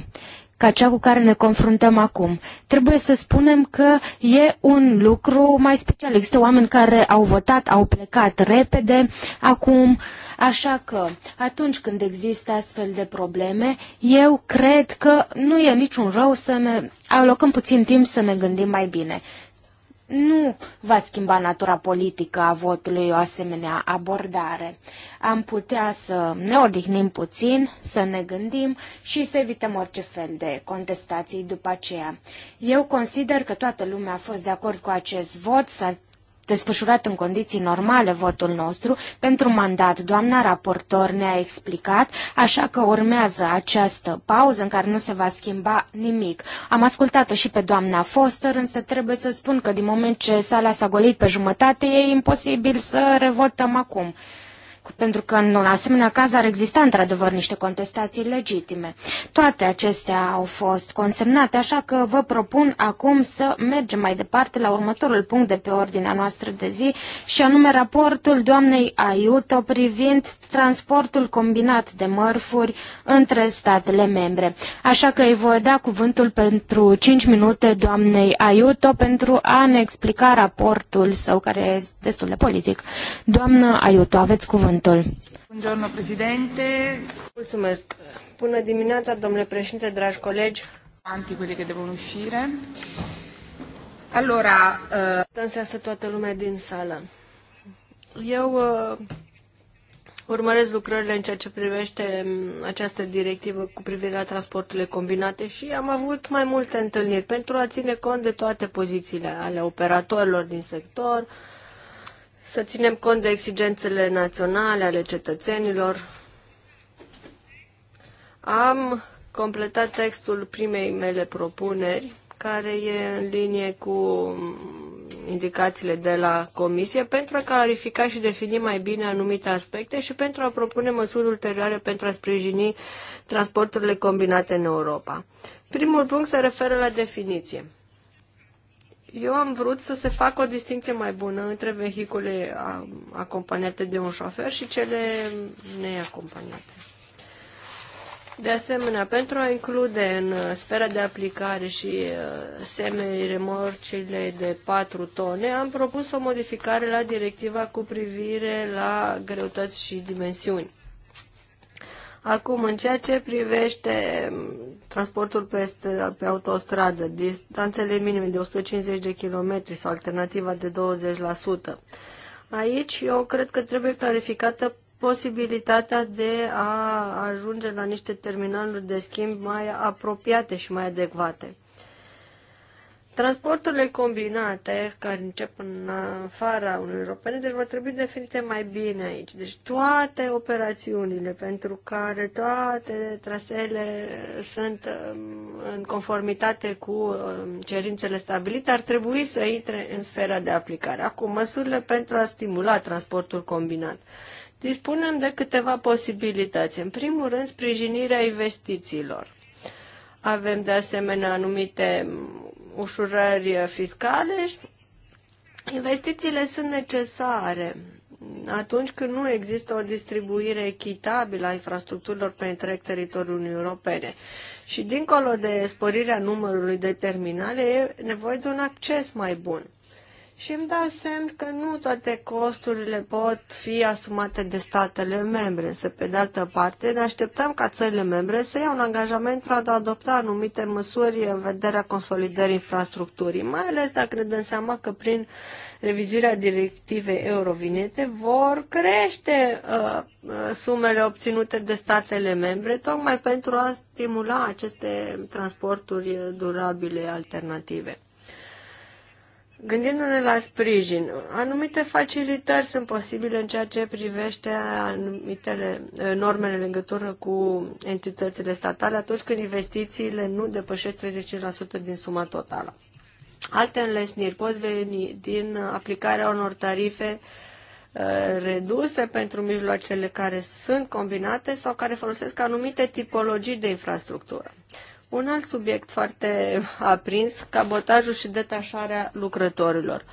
ca cea cu care ne confruntăm acum. Trebuie să spunem că e un lucru mai special. Există oameni care au votat, au plecat repede acum, așa că atunci când există astfel de probleme, eu cred că nu e niciun rău să ne alocăm puțin timp să ne gândim mai bine nu va schimba natura politică a votului o asemenea abordare. Am putea să ne odihnim puțin, să ne gândim și să evităm orice fel de contestații după aceea. Eu consider că toată lumea a fost de acord cu acest vot, s-a desfășurat în condiții normale votul nostru pentru mandat. Doamna raportor ne-a explicat, așa că urmează această pauză în care nu se va schimba nimic. Am ascultat-o și pe doamna Foster, însă trebuie să spun că din moment ce sala s-a golit pe jumătate, e imposibil să revotăm acum pentru că în un asemenea caz ar exista într-adevăr niște contestații legitime. Toate acestea au fost consemnate, așa că vă propun acum să mergem mai departe la următorul punct de pe ordinea noastră de zi și anume raportul doamnei Aiuto privind transportul combinat de mărfuri între statele membre. Așa că îi voi da cuvântul pentru 5 minute doamnei Aiuto pentru a ne explica raportul său care este destul de politic. Doamnă Aiuto, aveți cuvânt cuvântul. Buongiorno, președinte. Mulțumesc. Bună dimineața, domnule președinte, dragi colegi. Anti quelli che devono uscire. Allora, uh... să toată lumea din sală. Eu uh, urmăresc lucrările în ceea ce privește mm, această directivă cu privire la transporturile combinate și am avut mai multe întâlniri pentru a ține cont de toate pozițiile ale operatorilor din sector, uh, să ținem cont de exigențele naționale ale cetățenilor. Am completat textul primei mele propuneri, care e în linie cu indicațiile de la Comisie, pentru a clarifica și defini mai bine anumite aspecte și pentru a propune măsuri ulterioare pentru a sprijini transporturile combinate în Europa. Primul punct se referă la definiție. Eu am vrut să se facă o distinție mai bună între vehicule acompaniate de un șofer și cele neacompaniate. De asemenea, pentru a include în uh, sfera de aplicare și uh, semei remorcile de 4 tone, am propus o modificare la directiva cu privire la greutăți și dimensiuni. Acum, în ceea ce privește mm, transportul este, pe autostradă, distanțele minime de 150 de km sau alternativa de 20%, aici eu cred că trebuie clarificată posibilitatea de a ajunge la niște terminaluri de schimb mai apropiate și mai adecvate. Transporturile combinate, care încep în afara Uniunii Europene, deci vor trebui definite mai bine aici. Deci toate operațiunile pentru care toate traseele sunt um, în conformitate cu um, cerințele stabilite ar trebui să intre în sfera de aplicare. Acum, măsurile pentru a stimula transportul combinat. Dispunem de câteva posibilități. În primul rând, sprijinirea investițiilor. Avem de asemenea anumite ușurări fiscale, investițiile sunt necesare atunci când nu există o distribuire echitabilă a infrastructurilor pe întreg teritoriul Uniunii Europene. Și dincolo de sporirea numărului de terminale, e nevoie de un acces mai bun și îmi dau semn că nu toate costurile pot fi asumate de statele membre. Însă, pe de altă parte, ne așteptăm ca țările membre să ia un angajament pentru a da- adopta anumite măsuri în vederea consolidării infrastructurii, mai ales dacă ne dăm seama că prin revizuirea directivei Eurovinete vor crește uh, uh sumele obținute de statele membre, tocmai pentru a stimula aceste transporturi durabile alternative. Gândindu-ne la sprijin, anumite facilitări sunt posibile în ceea ce privește anumitele eh, normele în legătură cu entitățile statale atunci când investițiile nu depășesc 30% din suma totală. Alte înlesniri pot veni din aplicarea unor tarife eh, reduse pentru mijloacele care sunt combinate sau care folosesc anumite tipologii de infrastructură. Un alt subiect foarte *laughs* aprins, cabotajul și detașarea lucrătorilor.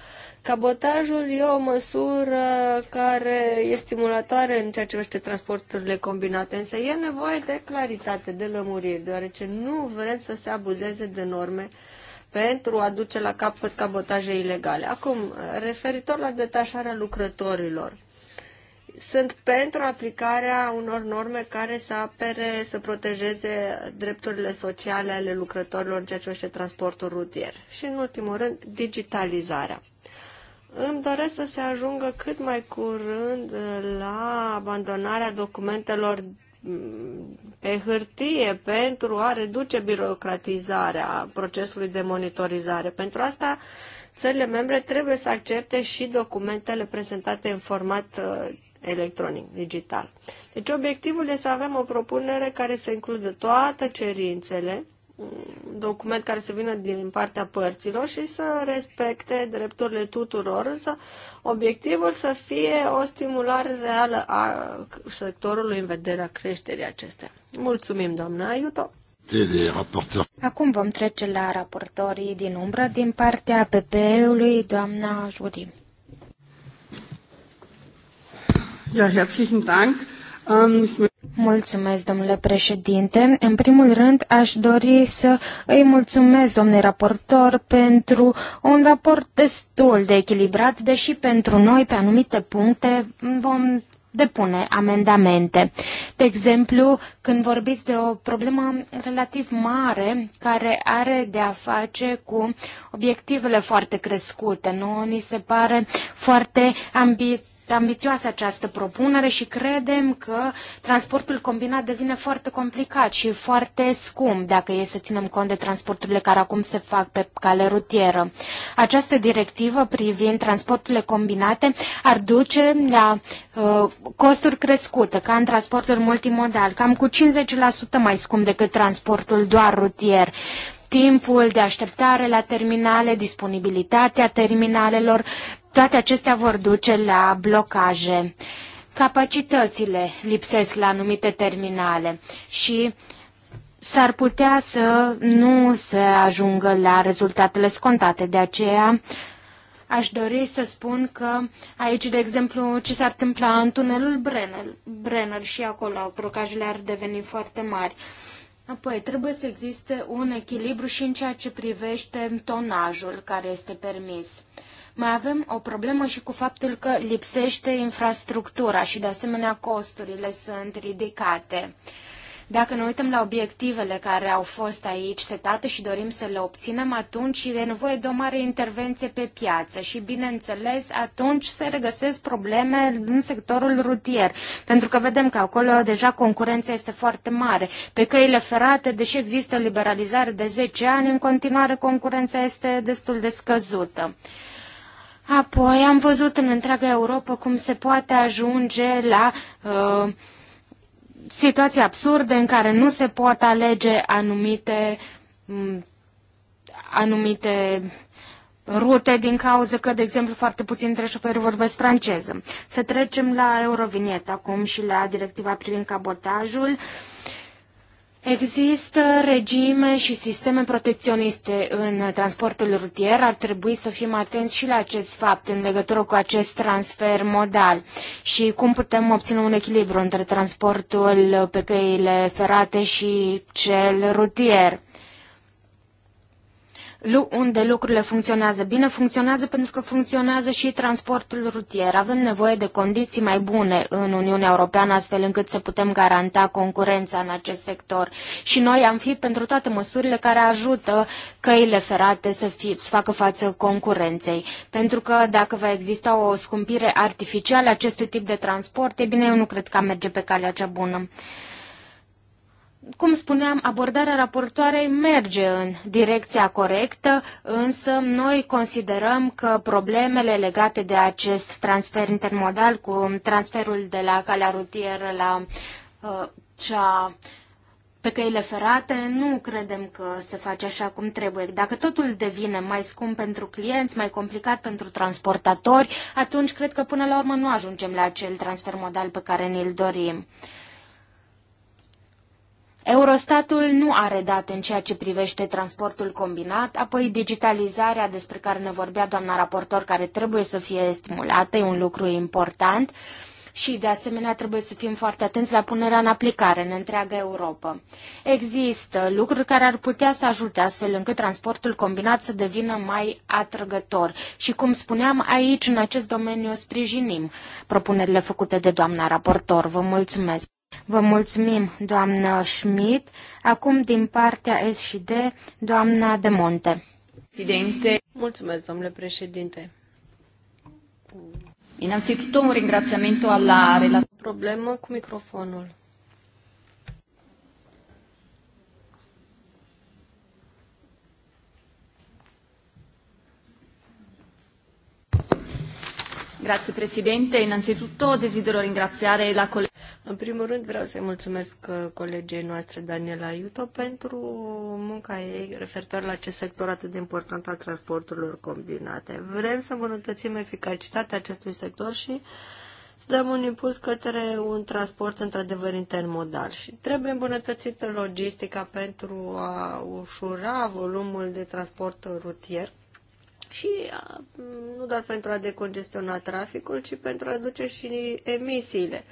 Cabotajul e o măsură care e stimulatoare în ceea ce privește transporturile combinate, însă e nevoie de claritate, de lămuriri, deoarece nu vrem să se abuzeze de norme pentru a duce la capăt cabotaje ilegale. Acum, referitor la detașarea lucrătorilor, sunt pentru aplicarea unor norme care să apere, să protejeze drepturile sociale ale lucrătorilor în ceea ce privește transportul rutier. Și, în ultimul rând, digitalizarea. Îmi doresc să se ajungă cât mai curând la abandonarea documentelor mm, pe hârtie pentru a reduce birocratizarea procesului de monitorizare. Pentru asta, țările membre trebuie să accepte și documentele prezentate în format uh, electronic, digital. Deci obiectivul este să avem o propunere care să includă toate cerințele, un document care să vină din partea părților și să respecte drepturile tuturor, însă obiectivul să fie o stimulare reală a sectorului în vederea creșterii acestea. Mulțumim, doamna Aiuto! Acum vom trece la raportorii din umbră din partea PP-ului, doamna Jurim. Ähm, mulțumesc, domnule președinte. În primul rând, aș dori să îi mulțumesc, domnule raportor, pentru un raport destul de echilibrat, deși pentru noi, pe anumite puncte, vom depune amendamente. De exemplu, când vorbiți de o problemă relativ mare care are de a face cu obiectivele foarte crescute, nu ni se pare foarte ambit. Este ambițioasă această propunere și credem că transportul combinat devine foarte complicat și foarte scump dacă e să ținem cont de transporturile care acum se fac pe cale rutieră. Această directivă privind transporturile combinate ar duce la uh, costuri crescute, ca în transportul multimodal, cam cu 50% mai scump decât transportul doar rutier. Uh, timpul de așteptare la terminale, disponibilitatea terminalelor, toate acestea vor duce la blocaje. Capacitățile lipsesc la anumite terminale și s-ar putea să nu se ajungă la rezultatele scontate. De aceea aș dori să spun că aici, de exemplu, ce s-ar întâmpla în tunelul Brenner, Brenner și acolo, procajele ar deveni foarte mari. Apoi, trebuie să existe un echilibru și în ceea ce privește tonajul care este permis. Mai avem o problemă și cu faptul că lipsește infrastructura și, de asemenea, costurile sunt ridicate. Uh, dacă ne uităm la obiectivele care au fost aici setate și dorim să le obținem, atunci e nevoie de o mare intervenție pe piață și, bineînțeles, atunci se regăsesc probleme în sectorul rutier, pentru că vedem că acolo deja concurența este foarte mare. Pe căile ferate, deși există liberalizare de 10 ani, în continuare concurența este destul de scăzută. Apoi am văzut în întreaga Europa cum se poate ajunge la uh, situații absurde în care nu se pot alege anumite, anumite rute din cauza că, de exemplu, foarte puțini dintre șoferi vorbesc franceză. Să trecem la Euroviniet acum și la directiva privind cabotajul. Uh, Există regime și sisteme protecționiste în transportul rutier. Ar trebui să fim atenți și la acest fapt în legătură cu acest transfer modal și cum putem obține un echilibru între transportul pe căile ferate și cel rutier unde lucrurile funcționează bine, funcționează pentru că funcționează și transportul rutier. Avem nevoie de condiții mai bune în Uniunea Europeană, astfel încât să putem garanta concurența în acest sector. Și noi am fi pentru toate măsurile care ajută căile ferate să, fi, să facă față concurenței. Pentru că dacă va exista o scumpire artificială acestui tip de transport, e bine, eu nu cred că merge pe calea cea bună. Cum spuneam, abordarea raportoarei merge în direcția corectă, însă noi considerăm că problemele legate de acest transfer intermodal cu transferul de la calea rutieră la uh, cea pe căile ferate nu credem că se face așa cum trebuie. Dacă totul devine mai scump pentru clienți, mai complicat pentru transportatori, atunci cred că până la urmă nu ajungem la acel transfer modal pe care ne-l dorim. Uh, Eurostatul nu are date în ceea ce privește transportul combinat, apoi digitalizarea despre care ne vorbea doamna raportor, care trebuie să fie stimulată, e un lucru important și, de asemenea, trebuie să fim foarte atenți la punerea în aplicare în întreaga Europa. Există lucruri care ar putea să ajute astfel încât transportul combinat să devină mai atrăgător. Și, cum spuneam, aici, în acest domeniu, sprijinim propunerile făcute de doamna raportor. Vă mulțumesc! Vă mulțumim, doamnă Schmidt. Acum, din partea S și D, doamna De Monte. Mulțumesc, domnule președinte. Innanzitutto un ringraziamento alla relatrice. Problemă cu microfonul. Grazie Presidente, innanzitutto desidero ringraziare la collega. În primul rând vreau să-i mulțumesc uh, colegei noastre Daniela Iuto pentru munca ei referitor la acest sector atât de important al transporturilor combinate. Vrem să îmbunătățim eficacitatea acestui sector și să dăm un impuls către un transport într-adevăr intermodal și trebuie îmbunătățită logistica pentru a ușura volumul de transport rutier și uh, nu doar pentru a decongestiona traficul, ci pentru a reduce și emisiile,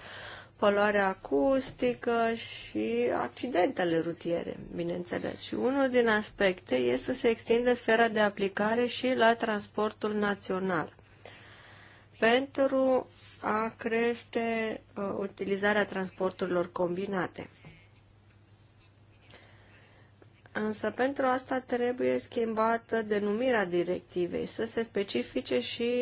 poluarea acustică și accidentele rutiere, bineînțeles. Și unul din aspecte este să se extindă sfera de aplicare și la transportul național. Pentru a crește uh, utilizarea transporturilor combinate. Însă pentru asta trebuie schimbată denumirea directivei, să se specifice și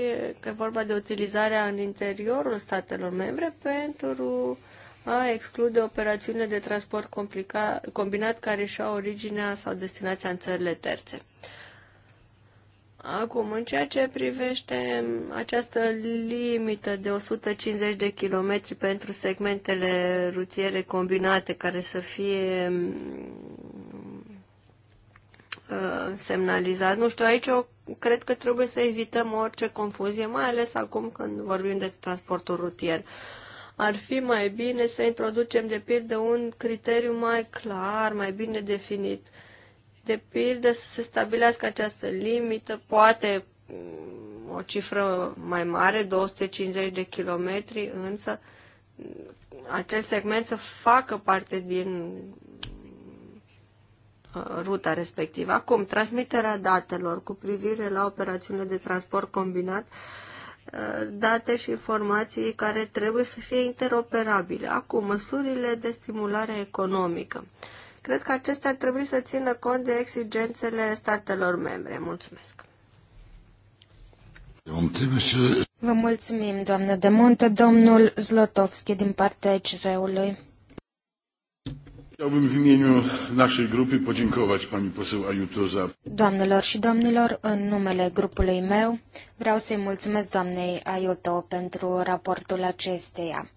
că vorba de utilizarea în interiorul statelor membre pentru a exclude operațiunile de transport combinat care și au originea sau destinația în țările terțe. Acum, în ceea ce privește această limită de 150 de km pentru segmentele rutiere combinate care să fie Uh, semnalizat. Nu știu, aici eu cred că trebuie să evităm orice confuzie, mai ales acum când vorbim despre transportul rutier. Ar fi mai bine să introducem, de pildă, un criteriu mai clar, mai bine definit. De pildă, să se stabilească această limită, poate mm, o cifră mai mare, 250 de kilometri, însă acel segment să facă parte din ruta respectivă. Acum, transmiterea datelor cu privire la operațiunile de transport combinat, uh, date și informații care trebuie să fie interoperabile. Acum, măsurile de stimulare economică. Cred că acestea ar trebui să țină cont de exigențele statelor membre. Mulțumesc! Vă mulțumim, doamnă de Monte, domnul Zlotovski din partea cr ului Chciałbym w imieniu naszej grupy podziękować pani poseł Ajuto za... Doamnelor și domnilor, în numele grupului meu, vreau să-i mulțumesc doamnei Ajuto pentru raportul acesteia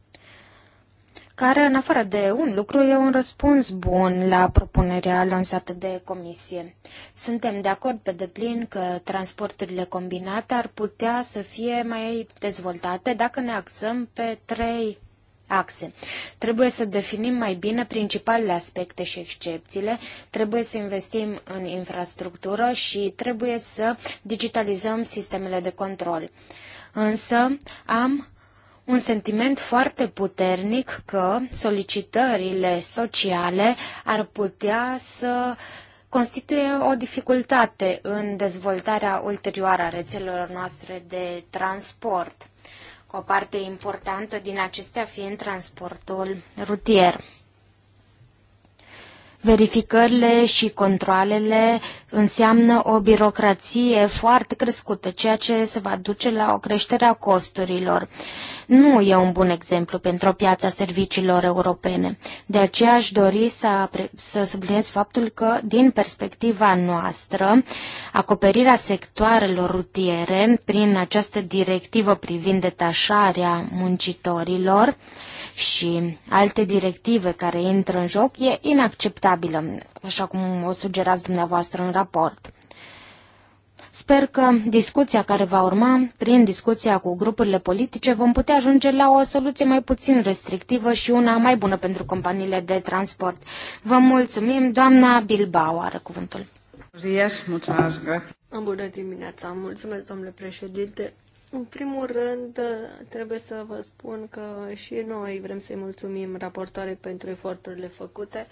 care, în afară de un lucru, e un răspuns bun la propunerea lansată de comisie. Suntem de acord pe deplin că transporturile combinate ar putea să fie mai dezvoltate dacă ne axăm pe trei axe. Trebuie să definim mai bine principalele aspecte și excepțiile, trebuie să investim în infrastructură și trebuie să digitalizăm sistemele de control. Însă am un sentiment foarte puternic că solicitările sociale ar putea să constituie o dificultate în dezvoltarea ulterioară a rețelelor noastre de transport o parte importantă din acestea fiind transportul rutier. Verificările și controlele înseamnă o birocrație foarte crescută, ceea ce se va duce la o creștere a costurilor. Nu e un bun exemplu pentru piața serviciilor europene. De aceea aș dori să, să subliniez faptul că, din perspectiva noastră, acoperirea sectoarelor rutiere prin această directivă privind detașarea muncitorilor, și alte directive care intră în joc e inacceptabilă, așa cum o sugerați dumneavoastră în raport. Sper că discuția care va urma, prin discuția cu grupurile politice, vom putea ajunge la o soluție mai puțin restrictivă și una mai bună pentru companiile de transport. Vă mulțumim, doamna Bilbao are cuvântul. Buenos Bună dimineața, mulțumesc, domnule președinte. În primul rând, trebuie să vă spun că și noi vrem să-i mulțumim raportoare pentru eforturile făcute.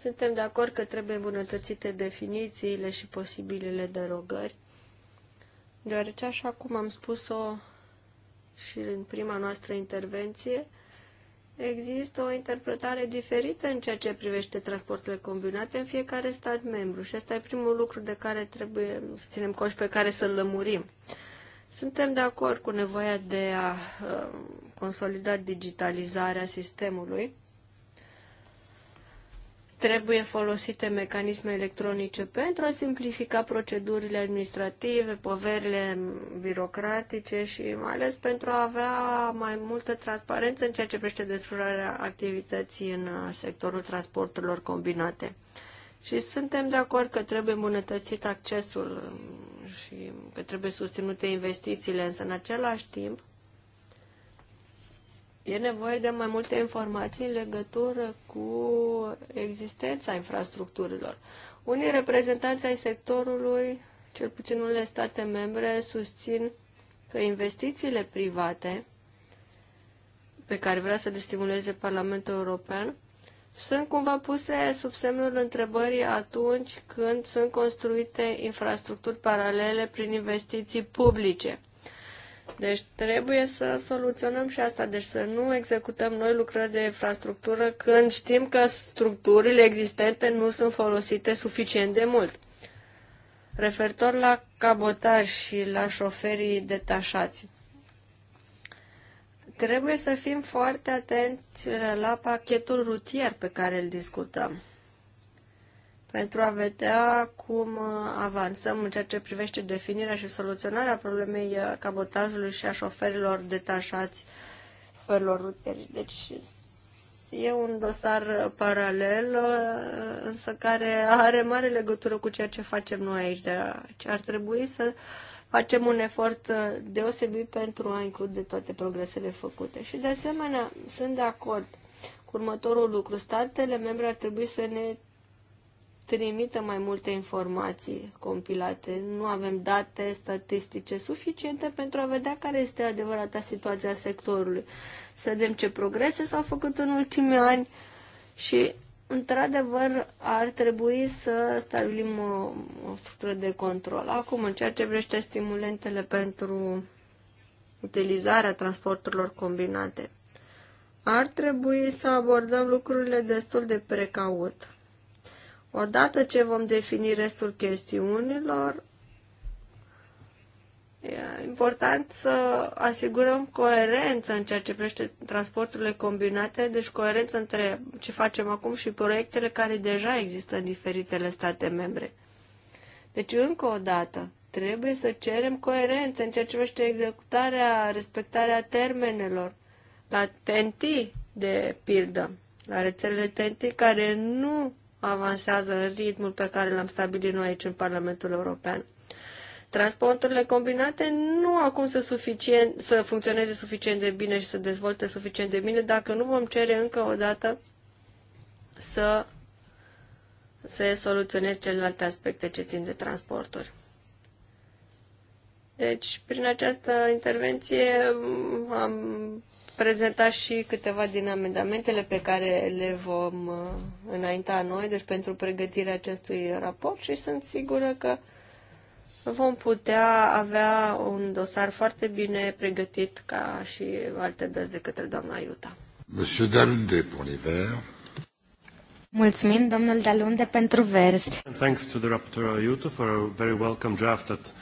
Suntem de acord că trebuie îmbunătățite definițiile și posibilele derogări, deoarece, așa cum am spus-o și în prima noastră intervenție, există o interpretare diferită în ceea ce privește transporturile combinate în fiecare stat membru și asta e primul lucru de care trebuie să ținem cont și pe care să-l lămurim. Suntem de acord cu nevoia de a uh, consolida digitalizarea sistemului. Trebuie folosite mecanisme electronice pentru a simplifica procedurile administrative, poverile birocratice și mai ales pentru a avea mai multă transparență în ceea ce privește desfășurarea activității în uh, sectorul transporturilor combinate. Și suntem de acord că trebuie îmbunătățit accesul um, și că trebuie susținute investițiile, însă în același timp e nevoie de mai multe informații în legătură cu existența infrastructurilor. Unii reprezentanți ai sectorului, cel puțin unele state membre, susțin că investițiile private pe care vrea să le stimuleze Parlamentul European sunt cumva puse sub semnul întrebării atunci când sunt construite infrastructuri paralele prin investiții publice. Deci trebuie să soluționăm și asta, deci să nu executăm noi lucrări de infrastructură când știm că structurile existente nu sunt folosite suficient de mult. Referitor la cabotaj și la șoferii detașați. Trebuie să fim foarte atenți uh, la pachetul rutier pe care îl discutăm pentru a vedea cum uh, avansăm în ceea ce privește definirea și soluționarea problemei uh, cabotajului și a șoferilor detașați șoferilor rutieri. Deci e un dosar paralel, însă care are mare legătură cu ceea ce facem noi aici. Deci ar trebui să facem un efort uh, deosebit pentru a include toate progresele făcute. Și de asemenea, sunt de acord cu următorul lucru. Statele membre ar trebui să ne trimită mai multe informații compilate. Nu avem date statistice suficiente pentru a vedea care este adevărata situație a sectorului. Să vedem ce progrese s-au făcut în ultimii ani și într-adevăr, ar trebui să stabilim o, o structură de control. Acum, în ceea ce privește stimulentele pentru utilizarea transporturilor combinate, ar trebui să abordăm lucrurile destul de precaut. Odată ce vom defini restul chestiunilor, E important să asigurăm coerență în ceea ce privește transporturile combinate, deci coerență între ce facem acum și proiectele care deja există în diferitele state membre. Deci, încă o dată, trebuie să cerem coerență în ceea ce privește executarea, respectarea termenelor. La TNT, de pildă, la rețelele TNT care nu avansează în ritmul pe care l-am stabilit noi aici în Parlamentul European. Transporturile combinate nu au cum să, suficient, să funcționeze suficient de bine și să dezvolte suficient de bine dacă nu vom cere încă o dată să se soluționeze celelalte aspecte ce țin de transporturi. Deci, prin această intervenție am prezenta și câteva din amendamentele pe care le vom uh, înainta noi, deci pentru pregătirea acestui raport și sunt sigură că vom putea avea un dosar foarte bine pregătit ca și alte dăți de către doamna Iuta. Monsieur Dalunde, Mulțumim, domnul Dalunde, pentru verzi. And thanks to the rapporteur Iuta for a very welcome draft that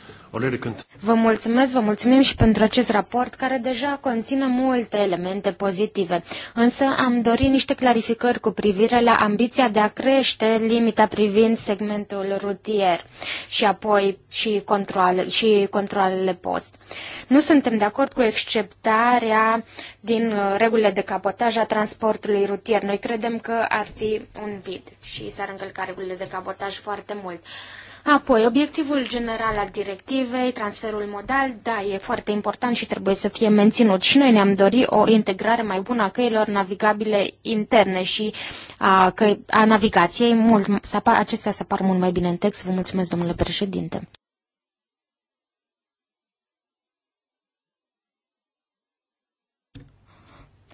Vă mulțumesc, vă mulțumim și pentru acest raport care deja conține multe elemente pozitive. Însă am dorit niște clarificări cu privire la ambiția de a crește limita privind segmentul rutier și apoi și, controle, și controlele post. Nu suntem de acord cu exceptarea din uh, regulile de cabotaj a transportului rutier. Noi credem că ar fi un vid și s-ar încălca regulile de cabotaj foarte mult. Apoi, obiectivul general al directivei, transferul modal, da, e foarte important și trebuie să fie menținut. Și noi ne-am dorit o integrare mai bună a căilor navigabile interne și a, că, a navigației. Mult, acestea se apar mult mai bine în text. Vă mulțumesc, domnule președinte.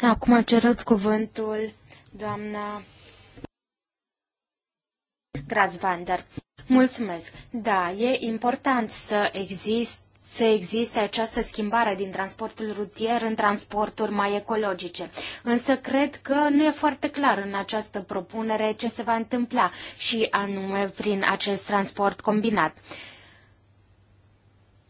Acum a cerut cuvântul doamna Grazvander. Mulțumesc. Da, e important să existe să existe această schimbare din transportul rutier în transporturi mai ecologice. Însă cred că nu e foarte clar în această propunere ce se va întâmpla și anume prin acest transport combinat.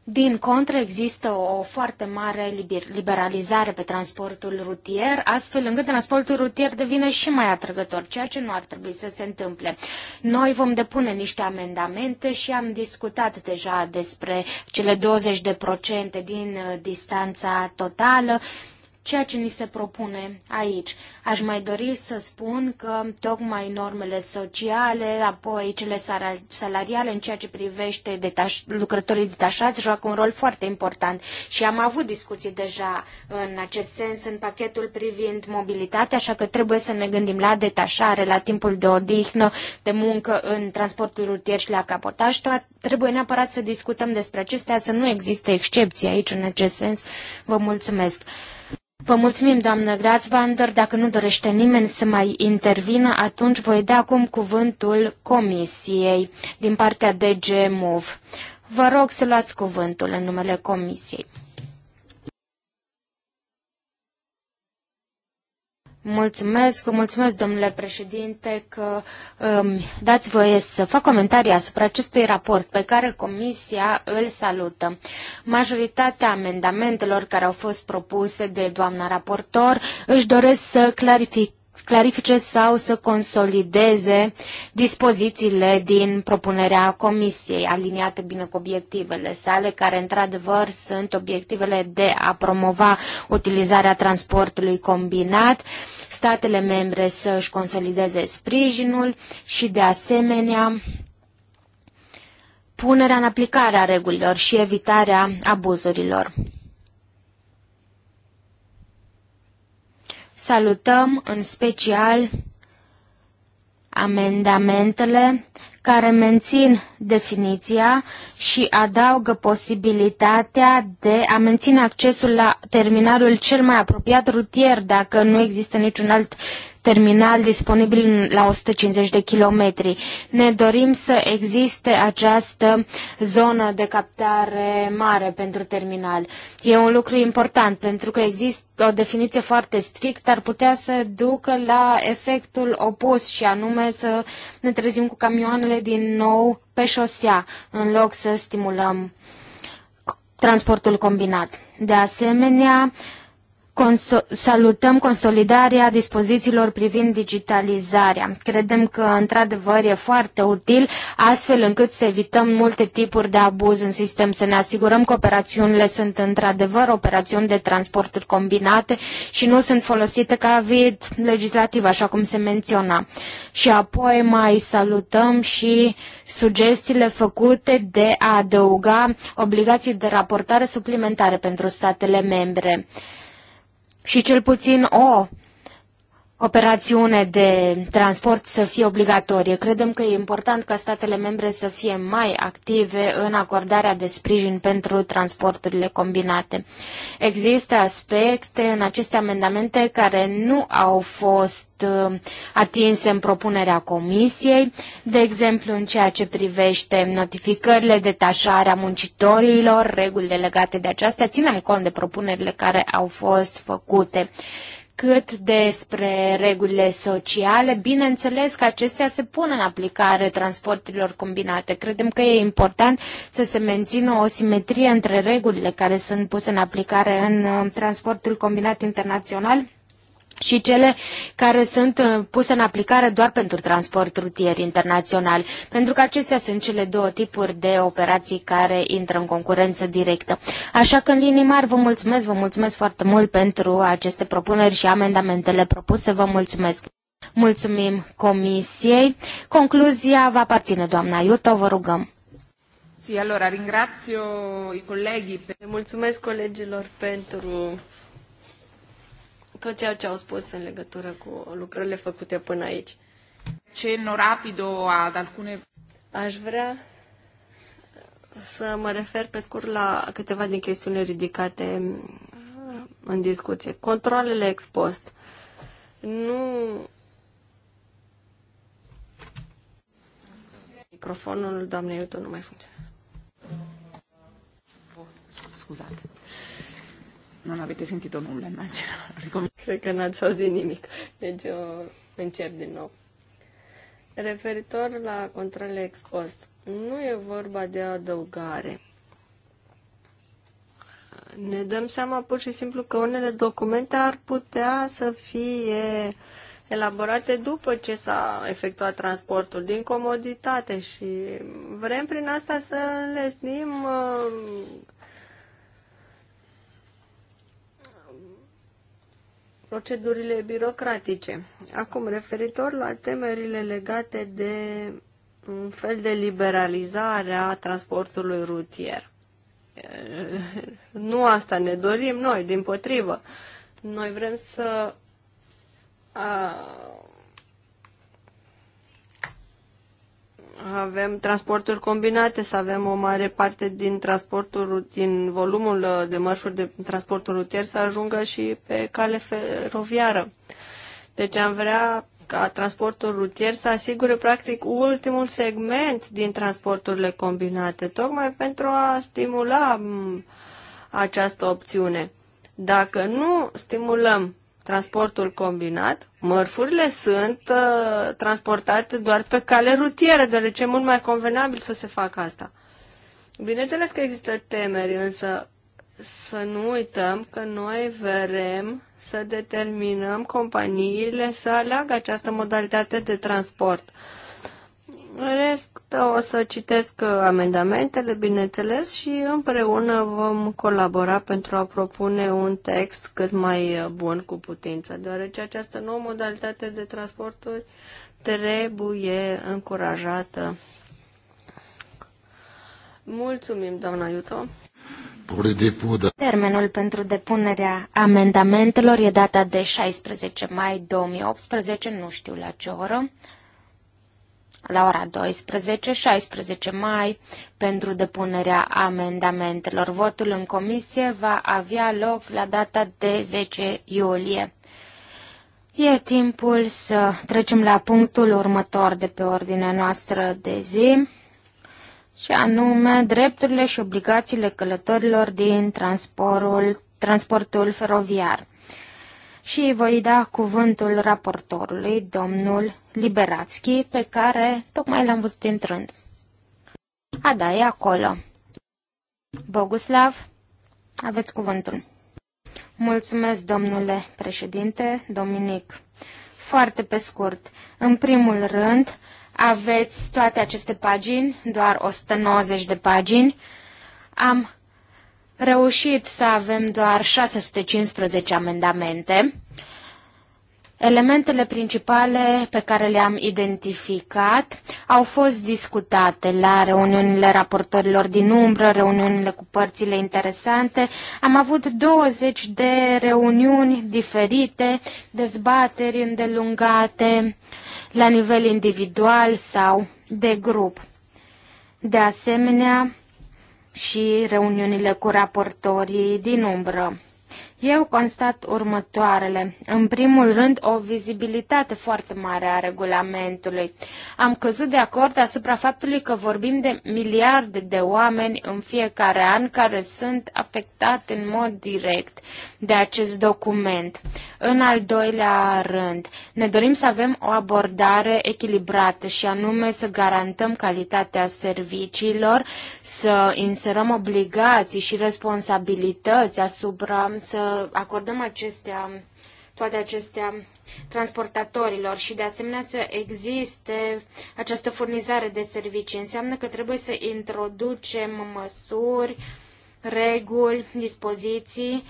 Din contră, există o foarte mare liberalizare pe transportul rutier, astfel încât transportul rutier devine și mai atrăgător, ceea ce nu ar trebui să se întâmple. Noi vom depune niște amendamente și am discutat deja despre cele 20% din uh, distanța totală ceea ce ni se propune aici. Aș mai dori să spun că tocmai normele sociale, apoi cele salariale în ceea ce privește detaș- lucrătorii detașați joacă un rol foarte important și am avut discuții deja în acest sens în pachetul privind mobilitatea, așa că trebuie să ne gândim la detașare, la timpul de odihnă, de muncă în transportul rutier și la capotaj. Trebuie neapărat să discutăm despre acestea, să nu existe excepții aici în acest sens. Vă mulțumesc! Vă mulțumim, doamnă Grazvander. Dacă nu dorește nimeni să mai intervină, atunci voi da acum cuvântul Comisiei din partea DG Move. Vă rog să luați cuvântul în numele Comisiei. Mulțumesc, mulțumesc domnule președinte că um, dați voie să fac comentarii asupra acestui raport pe care Comisia îl salută. Majoritatea amendamentelor care au fost propuse de doamna raportor își doresc să clarific clarifice sau să consolideze dispozițiile din propunerea comisiei, aliniate bine cu obiectivele sale, care într-adevăr sunt obiectivele de a promova utilizarea transportului combinat, statele membre să își consolideze sprijinul și de asemenea punerea în aplicare a regulilor și evitarea abuzurilor. Salutăm în special amendamentele care mențin definiția și adaugă posibilitatea de a menține accesul la terminalul cel mai apropiat rutier dacă nu există niciun alt terminal disponibil la 150 de kilometri. Ne dorim să existe această zonă de captare mare pentru terminal. E un lucru important pentru că există o definiție foarte strictă, ar putea să ducă la efectul opus și anume să ne trezim cu camioanele din nou pe șosea în loc să stimulăm transportul combinat. De asemenea, uh, Conso- salutăm consolidarea dispozițiilor privind digitalizarea. Credem că, într-adevăr, e foarte util, astfel încât să evităm multe tipuri de abuz în sistem, să ne asigurăm că operațiunile sunt, într-adevăr, operațiuni de transporturi combinate și nu sunt folosite ca vid legislativ, așa cum se menționa. Și apoi mai salutăm și sugestiile făcute de a adăuga obligații de raportare suplimentare pentru statele membre și cel puțin o operațiune de transport să fie obligatorie. Credem că e important ca statele membre să fie mai active în acordarea de sprijin pentru transporturile combinate. Există aspecte în aceste amendamente care nu au fost uh, atinse în propunerea comisiei, de exemplu în ceea ce privește notificările, detașarea muncitorilor, regulile legate de aceasta, ținem cont de propunerile care au fost făcute cât despre regulile sociale. Bineînțeles că acestea se pun în aplicare transporturilor combinate. Credem că e important să se mențină o simetrie între regulile care sunt puse în aplicare în uh, transportul combinat internațional și cele care sunt uh, puse în aplicare doar pentru transport rutier internațional, pentru că acestea sunt cele două tipuri de operații care intră în concurență directă. Așa că, în linii mari, vă mulțumesc, vă mulțumesc foarte mult pentru aceste propuneri și amendamentele propuse, vă mulțumesc. Mulțumim Comisiei. Concluzia va aparține doamna Iuto, vă rugăm. Sì, allora ringrazio i colleghi. Per... Mulțumesc colegilor pentru tot ceea ce au spus în legătură cu lucrurile făcute până aici. Cenno rapido ad alcune... Aș vrea să mă refer pe scurt la câteva din chestiunile ridicate uh, în discuție. Controlele ex post. Nu... Microfonul doamnei Iuto nu mai funcționează. Scuzate. Non avete sentito nulla, immagino. *laughs* Cred că n-ați auzit nimic, deci eu încep din nou. Referitor la controlele ex post, nu e vorba de adăugare. Ne dăm seama pur și simplu că unele documente ar putea să fie elaborate după ce s-a efectuat transportul, din comoditate și vrem prin asta să le uh, procedurile birocratice. Acum, referitor la temerile legate de un fel de liberalizare a transportului rutier. Nu asta ne dorim noi, din potrivă. Noi vrem să a, avem transporturi combinate, să avem o mare parte din transportul, din volumul uh, de mărfuri de transportul rutier să ajungă și pe cale feroviară. Deci am vrea ca transportul rutier să asigure practic ultimul segment din transporturile combinate, tocmai pentru a stimula această opțiune. Dacă nu stimulăm transportul combinat, mărfurile sunt uh, transportate doar pe cale rutieră, deoarece e mult mai convenabil să se facă asta. Bineînțeles că există temeri, însă să nu uităm că noi vrem să determinăm companiile să aleagă această modalitate de transport. Uh, în rest, o să citesc uh, amendamentele, bineînțeles, și împreună vom colabora pentru a propune un text cât mai uh, bun cu putință, deoarece această nouă modalitate de transporturi trebuie încurajată. Mulțumim, doamna Iuto. Termenul pentru depunerea amendamentelor e data de 16 mai 2018, nu știu la ce oră la ora 12, 16 mai, pentru depunerea amendamentelor. Votul în comisie va avea loc la data de 10 iulie. E timpul să trecem la punctul următor de pe ordinea noastră de zi, și anume drepturile și obligațiile călătorilor din transportul, transportul feroviar și voi da cuvântul raportorului, domnul Liberațchi, pe care tocmai l-am văzut intrând. A, da, e acolo. Boguslav, aveți cuvântul. Mulțumesc, domnule președinte, Dominic. Foarte pe scurt, în primul rând, aveți toate aceste pagini, doar 190 de pagini. Am reușit să avem doar 615 amendamente. Elementele principale pe care le-am identificat au fost discutate la reuniunile raportorilor din umbră, reuniunile cu părțile interesante. Am avut 20 de reuniuni diferite, dezbateri îndelungate la nivel individual sau de grup. De asemenea, și reuniunile cu raportorii din umbră. Eu constat următoarele. În primul rând, o vizibilitate foarte mare a regulamentului. Am căzut de acord asupra faptului că vorbim de miliarde de oameni în fiecare an care sunt afectați în mod direct de acest document. În al doilea rând, ne dorim să avem o abordare echilibrată și anume să garantăm calitatea serviciilor, să inserăm obligații și responsabilități asupra, să acordăm acestea, toate acestea transportatorilor și de asemenea să existe această furnizare de servicii. Înseamnă că trebuie să introducem măsuri, reguli, dispoziții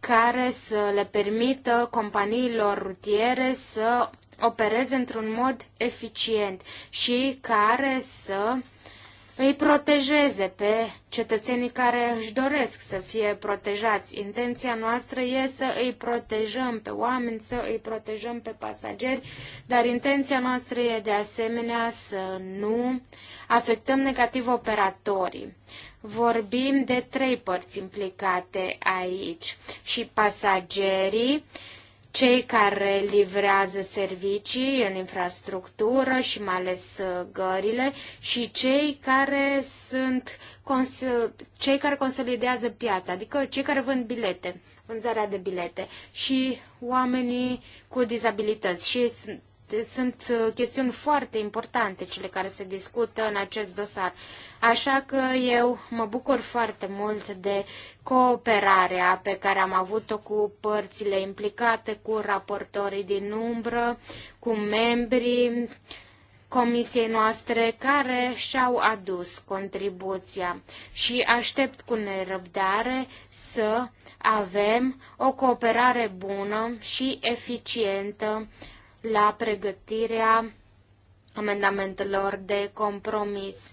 care să le permită companiilor rutiere să opereze într-un mod eficient și care să uh, îi protejeze pe cetățenii care își doresc să fie protejați. Intenția noastră e să îi protejăm pe oameni, să îi protejăm pe pasageri, dar intenția noastră e de asemenea să nu afectăm negativ operatorii. Vorbim de trei părți implicate aici și pasagerii, uh, cei care livrează servicii în infrastructură și mai ales uh, gările și cei care sunt cei care consolidează piața, adică cei care vând bilete, vânzarea de bilete și oamenii cu dizabilități și sunt uh, chestiuni foarte importante cele care se discută în acest dosar. Așa că eu mă bucur foarte mult de cooperarea pe care am avut-o cu părțile implicate, cu raportorii din umbră, cu membrii comisiei noastre care și-au adus contribuția și aștept cu nerăbdare să avem o cooperare bună și eficientă la pregătirea amendamentelor de compromis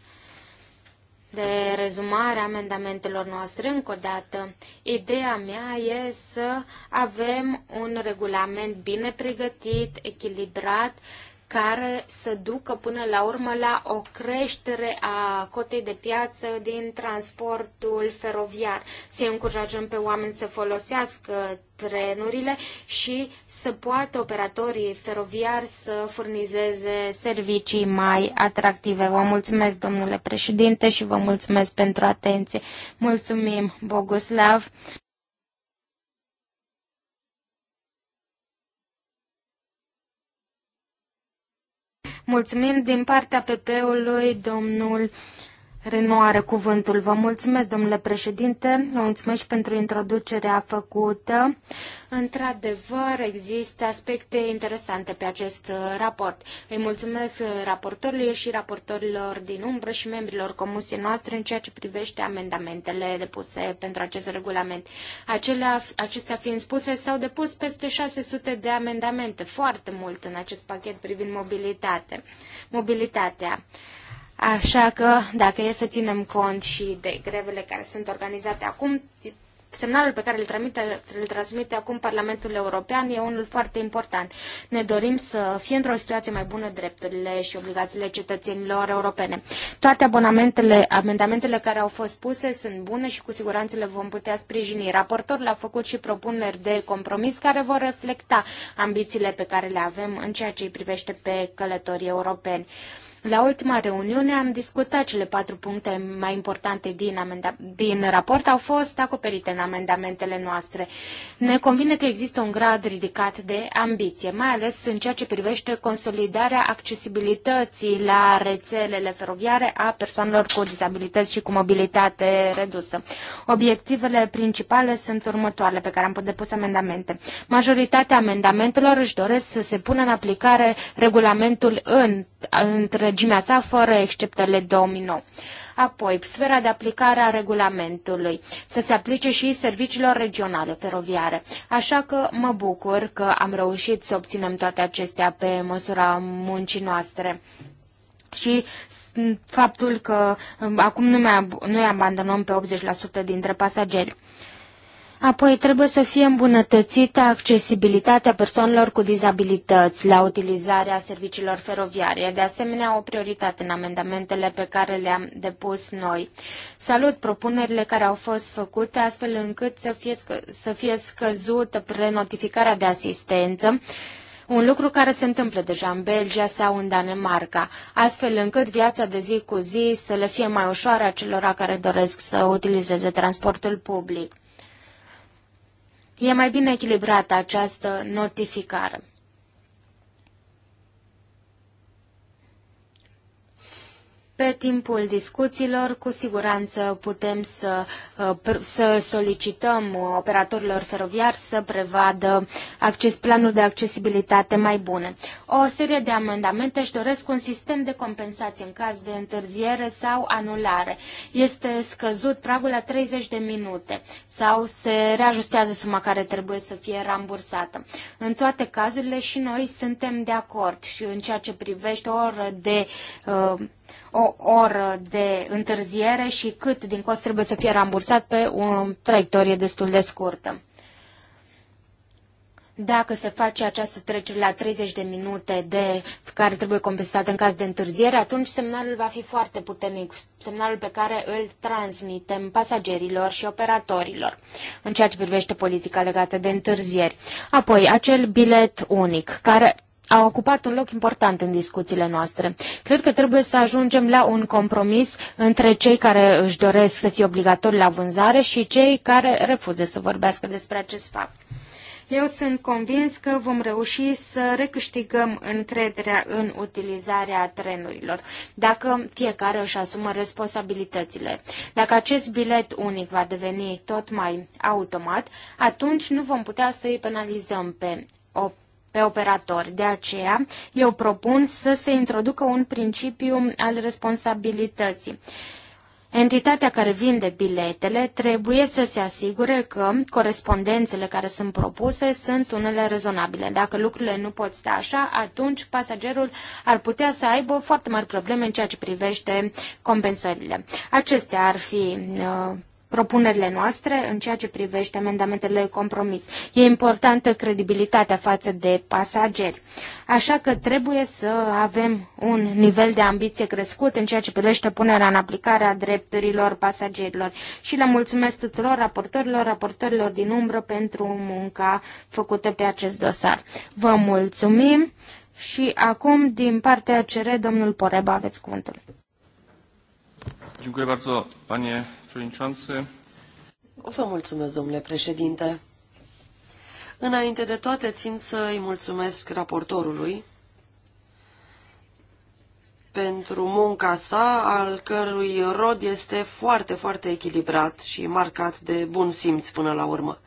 de rezumare a amendamentelor noastre. Încă o dată, ideea mea e să avem un regulament bine pregătit, echilibrat, care să ducă până la urmă la o creștere a cotei de piață din transportul feroviar, să încurajăm pe oameni să folosească trenurile și să poată operatorii feroviari să furnizeze servicii mai atractive. Vă mulțumesc, domnule președinte, și vă mulțumesc pentru atenție. Mulțumim, Boguslav. Mulțumim din partea PP-ului, domnul Renoare cuvântul. Vă mulțumesc, domnule președinte, vă mulțumesc pentru introducerea făcută. Într-adevăr, există aspecte interesante pe acest uh, raport. Îi mulțumesc uh, raportorului și raportorilor din umbră și membrilor comisiei noastre în ceea ce privește amendamentele depuse pentru acest regulament. Acelea, acestea fiind spuse, s-au depus peste 600 de amendamente, foarte mult în acest pachet privind mobilitate, mobilitatea. Așa că, dacă e să ținem cont și de grevele care sunt organizate acum, semnalul pe care îl transmite, îl transmite acum Parlamentul European e unul foarte important. Ne dorim să fie într-o situație mai bună drepturile și obligațiile cetățenilor europene. Toate abonamentele, amendamentele care au fost puse sunt bune și cu siguranță le vom putea sprijini. Raportorul a făcut și propuneri de compromis care vor reflecta ambițiile pe care le avem în ceea ce îi privește pe călătorii europeni. La ultima reuniune am discutat cele patru puncte mai importante din, din raport, au fost acoperite în amendamentele noastre. Ne convine că există un grad ridicat de ambiție, mai ales în ceea ce privește consolidarea accesibilității la rețelele feroviare a persoanelor cu dizabilități și cu mobilitate redusă. Obiectivele principale sunt următoarele pe care am depus amendamente. Majoritatea amendamentelor își doresc să se pună în aplicare regulamentul în, între întregimea sa, fără exceptele 2009. Apoi, sfera de aplicare a regulamentului, să se aplice și serviciilor regionale feroviare. Așa că mă bucur că am reușit să obținem toate acestea pe măsura muncii noastre și faptul că um, acum nu, mai, nu abandonăm pe 80% dintre pasageri. Apoi trebuie să fie îmbunătățită accesibilitatea persoanelor cu dizabilități la utilizarea serviciilor feroviare. De asemenea, o prioritate în amendamentele pe care le-am depus noi. Salut propunerile care au fost făcute astfel încât să fie, scă- să fie scăzută prenotificarea de asistență un lucru care se întâmplă deja în Belgia sau în Danemarca, astfel încât viața de zi cu zi să le fie mai ușoară acelora care doresc să utilizeze transportul public. E mai bine echilibrată această notificare. Pe timpul discuțiilor, cu siguranță putem să, uh, să solicităm uh, operatorilor feroviari să prevadă acces, planuri de accesibilitate mai bune. O serie de amendamente își doresc un sistem de compensație în caz de întârziere sau anulare. Este scăzut pragul la 30 de minute sau se reajustează suma care trebuie să fie rambursată. În toate cazurile și noi suntem de acord și în ceea ce privește o oră de uh, o oră de întârziere și cât din cost trebuie să fie rambursat pe o traiectorie destul de scurtă. Dacă se face această trecere la 30 de minute de care trebuie compensată în caz de întârziere, atunci semnalul va fi foarte puternic, semnalul pe care îl transmitem pasagerilor și operatorilor în ceea ce privește politica legată de întârzieri. Apoi, acel bilet unic care a ocupat un loc important în discuțiile noastre. Cred că trebuie să ajungem la un compromis între cei care își doresc să fie obligatori la vânzare și cei care refuză să vorbească despre acest fapt. Eu sunt convins că vom reuși să recâștigăm încrederea în utilizarea trenurilor, dacă fiecare își asumă responsabilitățile. Dacă acest bilet unic va deveni tot mai automat, atunci nu vom putea să îi penalizăm pe pe operatori. De aceea, eu propun să se introducă un principiu al responsabilității. Entitatea care vinde biletele trebuie să se asigure că corespondențele care sunt propuse sunt unele rezonabile. Dacă lucrurile nu pot sta așa, atunci pasagerul ar putea să aibă foarte mari probleme în ceea ce privește compensările. Acestea ar fi uh, propunerile noastre în ceea ce privește amendamentele de compromis. E importantă credibilitatea față de pasageri. Așa că trebuie să avem un nivel de ambiție crescut în ceea ce privește punerea în aplicare a drepturilor pasagerilor. Și le mulțumesc tuturor raportorilor, raportorilor din umbră pentru munca făcută pe acest dosar. Vă mulțumim și acum din partea CR, domnul Poreba, aveți cuvântul. Dziękuję bardzo, panie Przewodniczący. Vă mulțumesc, domnule președinte. Înainte de toate, țin să îi mulțumesc raportorului pentru munca sa, al cărui rod este foarte, foarte echilibrat și marcat de bun simț până la urmă.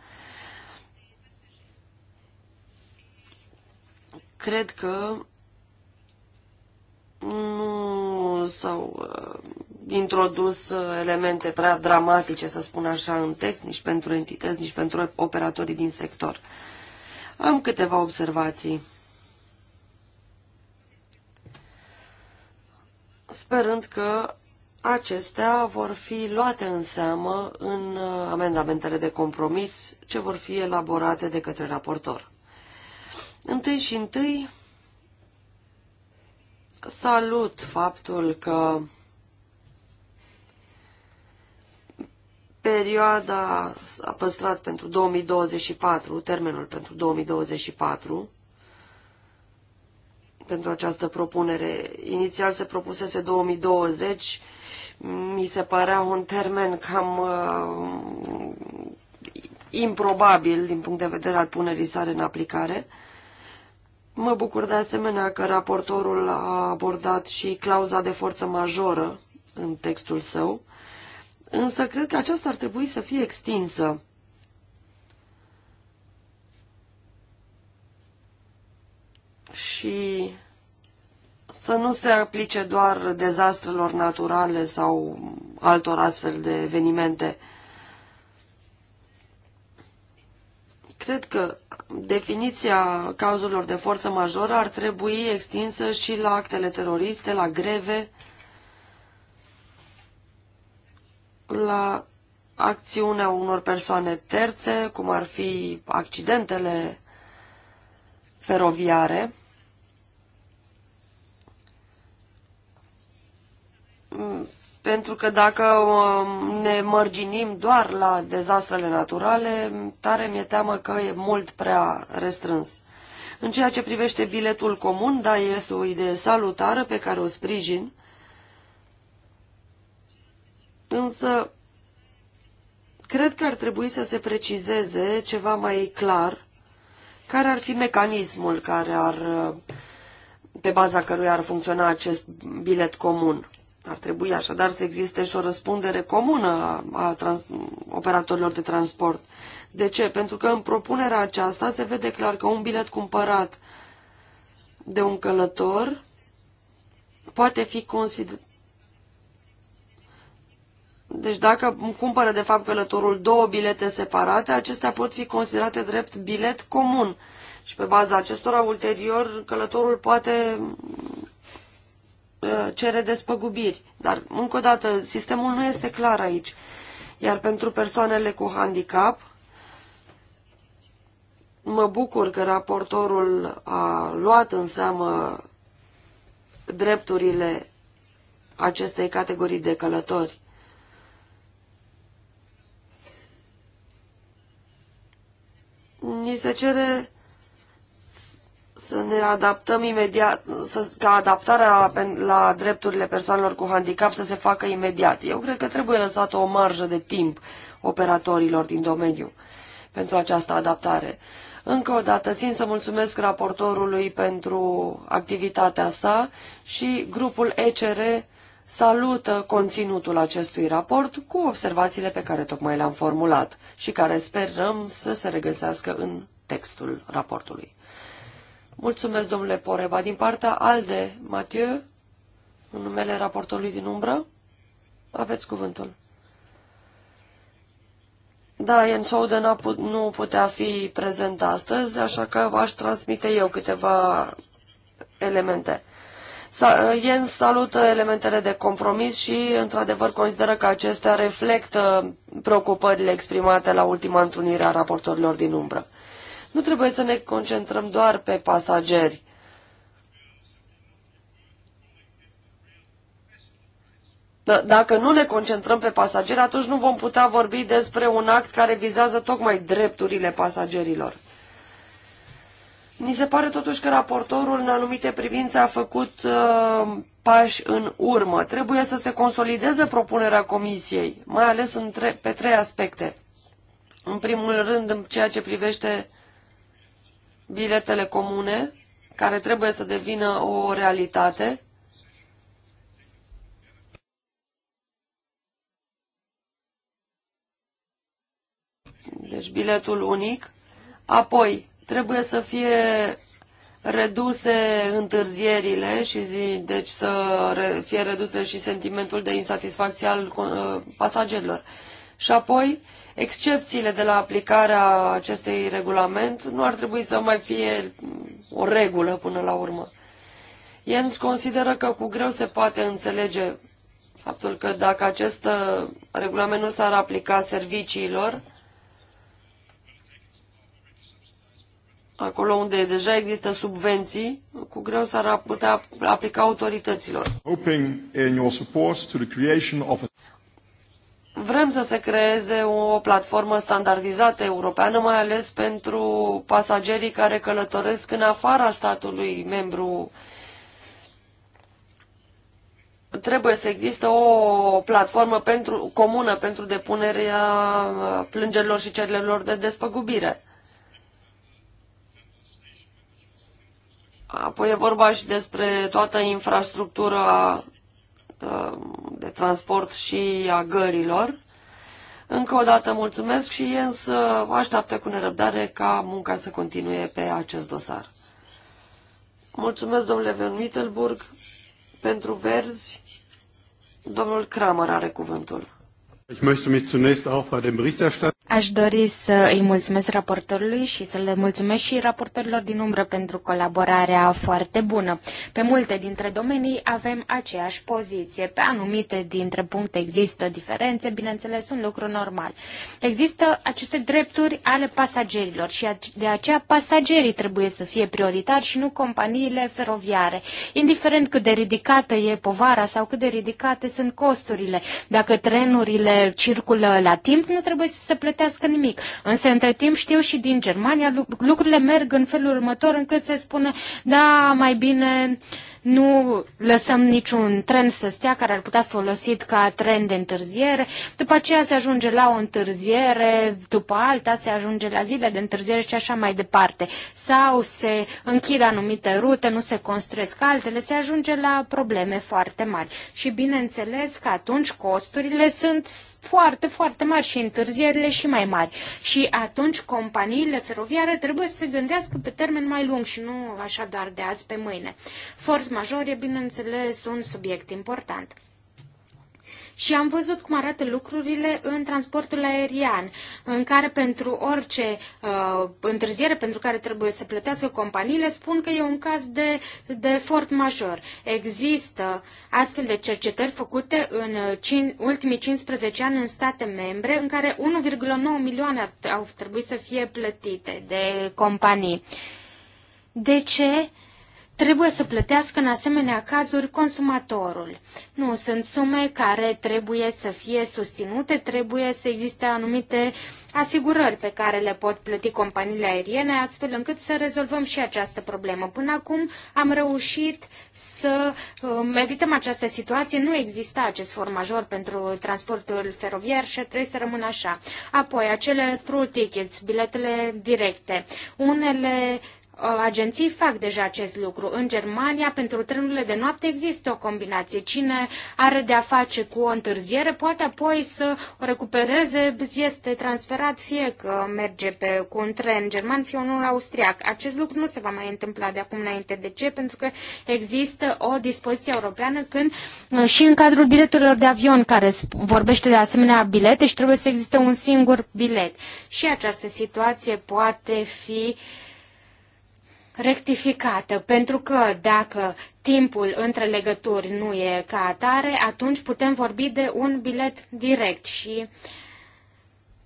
Cred că nu sau introdus uh, elemente prea dramatice, să spun așa, în text, nici pentru entități, nici pentru operatorii din sector. Am câteva observații. Sperând că acestea vor fi luate în seamă în uh, amendamentele de compromis ce vor fi elaborate de către raportor. Întâi și întâi salut faptul că Perioada a păstrat pentru 2024, termenul pentru 2024, pentru această propunere. Inițial se propusese 2020, mi se părea un termen cam uh, improbabil din punct de vedere al punerii sale în aplicare. Mă bucur de asemenea că raportorul a abordat și clauza de forță majoră în textul său însă cred că aceasta ar trebui să fie extinsă. Și să nu se aplice doar dezastrelor naturale sau altor astfel de evenimente. Cred că definiția cauzelor de forță majoră ar trebui extinsă și la actele teroriste, la greve, la acțiunea unor persoane terțe, cum ar fi accidentele feroviare. Mm, pentru că dacă um, ne mărginim doar la dezastrele naturale, tare mi-e teamă că e mult prea restrâns. În ceea ce privește biletul comun, da, este o idee salutară pe care o sprijin, Însă, cred că ar trebui să se precizeze ceva mai clar care ar fi mecanismul care ar, pe baza căruia ar funcționa acest bilet comun. Ar trebui așadar să existe și o răspundere comună a trans- operatorilor de transport. De ce? Pentru că în propunerea aceasta se vede clar că un bilet cumpărat de un călător poate fi consider- deci dacă cumpără de fapt călătorul două bilete separate, acestea pot fi considerate drept bilet comun. Și pe baza acestora, ulterior, călătorul poate uh, cere despăgubiri. Dar, încă o dată, sistemul nu este clar aici. Iar pentru persoanele cu handicap, mă bucur că raportorul a luat în seamă drepturile acestei categorii de călători. Ni se cere să ne adaptăm imediat, să, ca adaptarea la drepturile persoanelor cu handicap să se facă imediat. Eu cred că trebuie lăsată o marjă de timp operatorilor din domeniu pentru această adaptare. Încă o dată țin să mulțumesc raportorului pentru activitatea sa și grupul ECR salută conținutul acestui raport cu observațiile pe care tocmai le-am formulat și care sperăm să se regăsească în textul raportului. Mulțumesc, domnule Poreba. Din partea ALDE, Mathieu, în numele raportului din umbră, aveți cuvântul. Da, Jens Holden put, nu putea fi prezent astăzi, așa că v-aș transmite eu câteva elemente. Jens salută elementele de compromis și, într-adevăr, consideră că acestea reflectă preocupările exprimate la ultima întrunire a raportorilor din umbră. Nu trebuie să ne concentrăm doar pe pasageri. Dacă nu ne concentrăm pe pasageri, atunci nu vom putea vorbi despre un act care vizează tocmai drepturile pasagerilor. Ni se pare totuși că raportorul în anumite privințe a făcut uh, pași în urmă. Trebuie să se consolideze propunerea comisiei, mai ales în tre- pe trei aspecte. În primul rând, în ceea ce privește biletele comune, care trebuie să devină o realitate. Deci biletul unic. Apoi, trebuie să fie reduse întârzierile și zi, deci să fie reduse și sentimentul de insatisfacție al uh, pasagerilor. Și apoi, excepțiile de la aplicarea acestei regulament nu ar trebui să mai fie o regulă până la urmă. Jens consideră că cu greu se poate înțelege faptul că dacă acest uh, regulament nu s-ar aplica serviciilor, acolo unde deja există subvenții, cu greu s-ar putea aplica autorităților. Vrem să se creeze o platformă standardizată europeană, mai ales pentru pasagerii care călătoresc în afara statului membru. Trebuie să există o platformă pentru, comună pentru depunerea plângerilor și cererilor de despăgubire. Apoi e vorba și despre toată infrastructura ă, de transport și a gărilor. Încă o dată mulțumesc și ei însă așteaptă cu nerăbdare ca munca să continue pe acest dosar. Mulțumesc, domnule Van Mittelburg, pentru verzi. Domnul Kramer are cuvântul. Aș dori să îi mulțumesc raportorului și să le mulțumesc și raportorilor din umbră pentru colaborarea foarte bună. Pe multe dintre domenii avem aceeași poziție. Pe anumite dintre puncte există diferențe, bineînțeles, un lucru normal. Există aceste drepturi ale pasagerilor și de aceea pasagerii trebuie să fie prioritari și nu companiile feroviare. Indiferent cât de ridicată e povara sau cât de ridicate sunt costurile, dacă trenurile circulă la timp nu trebuie să se plătească nimic. Însă, între timp, știu și din Germania, lucrurile merg în felul următor încât se spune, da, mai bine uh, nu lăsăm niciun tren să stea care ar putea fi folosit ca tren de întârziere, după aceea se ajunge la o întârziere, după alta se ajunge la zile de întârziere și așa mai departe. Sau se închid anumite rute, nu se construiesc altele, se ajunge la probleme foarte mari. Și bineînțeles că atunci costurile sunt foarte, foarte mari și întârzierile și mai mari. Și atunci companiile feroviare trebuie să se gândească pe termen mai lung și nu așa doar de azi pe mâine. Forț major e, bineînțeles, un subiect important. Și am văzut cum arată lucrurile în transportul aerian, în care pentru orice uh, întârziere pentru care trebuie să plătească companiile, spun că e un caz de, de fort major. Există astfel de cercetări făcute în cin, ultimii 15 ani în state membre, în care 1,9 milioane au trebuit să fie plătite de companii. De ce? trebuie să plătească în asemenea cazuri consumatorul. Nu, sunt sume care trebuie să fie susținute, trebuie să existe anumite asigurări pe care le pot plăti companiile aeriene, astfel încât să rezolvăm și această problemă. Până acum am reușit să um, evităm această situație. Nu exista acest for major pentru transportul feroviar și trebuie să rămână așa. Apoi, acele true tickets, biletele directe. Unele uh, Uh, agenții fac deja acest lucru. În Germania, pentru trenurile de noapte există o combinație. Cine are de-a face cu o întârziere, poate apoi să o recupereze, este transferat fie că merge pe, cu un tren german, fie unul austriac. Acest lucru nu se va mai întâmpla de acum înainte. De ce? Pentru că există o dispoziție europeană când uh, și în cadrul biletelor de avion care vorbește de asemenea bilete și trebuie să existe un singur bilet. Și această situație poate fi uh, rectificată, pentru că dacă timpul între legături nu e ca atare, atunci putem vorbi de un bilet direct și uh,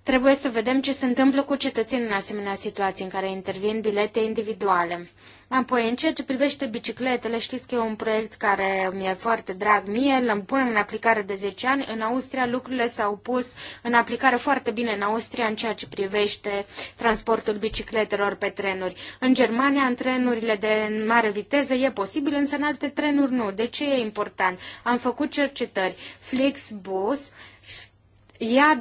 Trebuie să vedem ce se întâmplă cu cetățenii în asemenea situații în care intervin bilete individuale. Apoi, în ceea ce privește bicicletele, știți că e un proiect care mi-e foarte drag mie, l-am punem în aplicare de 10 ani. În Austria lucrurile s-au pus în aplicare foarte bine în Austria în ceea ce privește transportul bicicletelor pe trenuri. În Germania, în trenurile de mare viteză e posibil, însă în alte trenuri nu. De ce e important? Am făcut cercetări. Flixbus, ia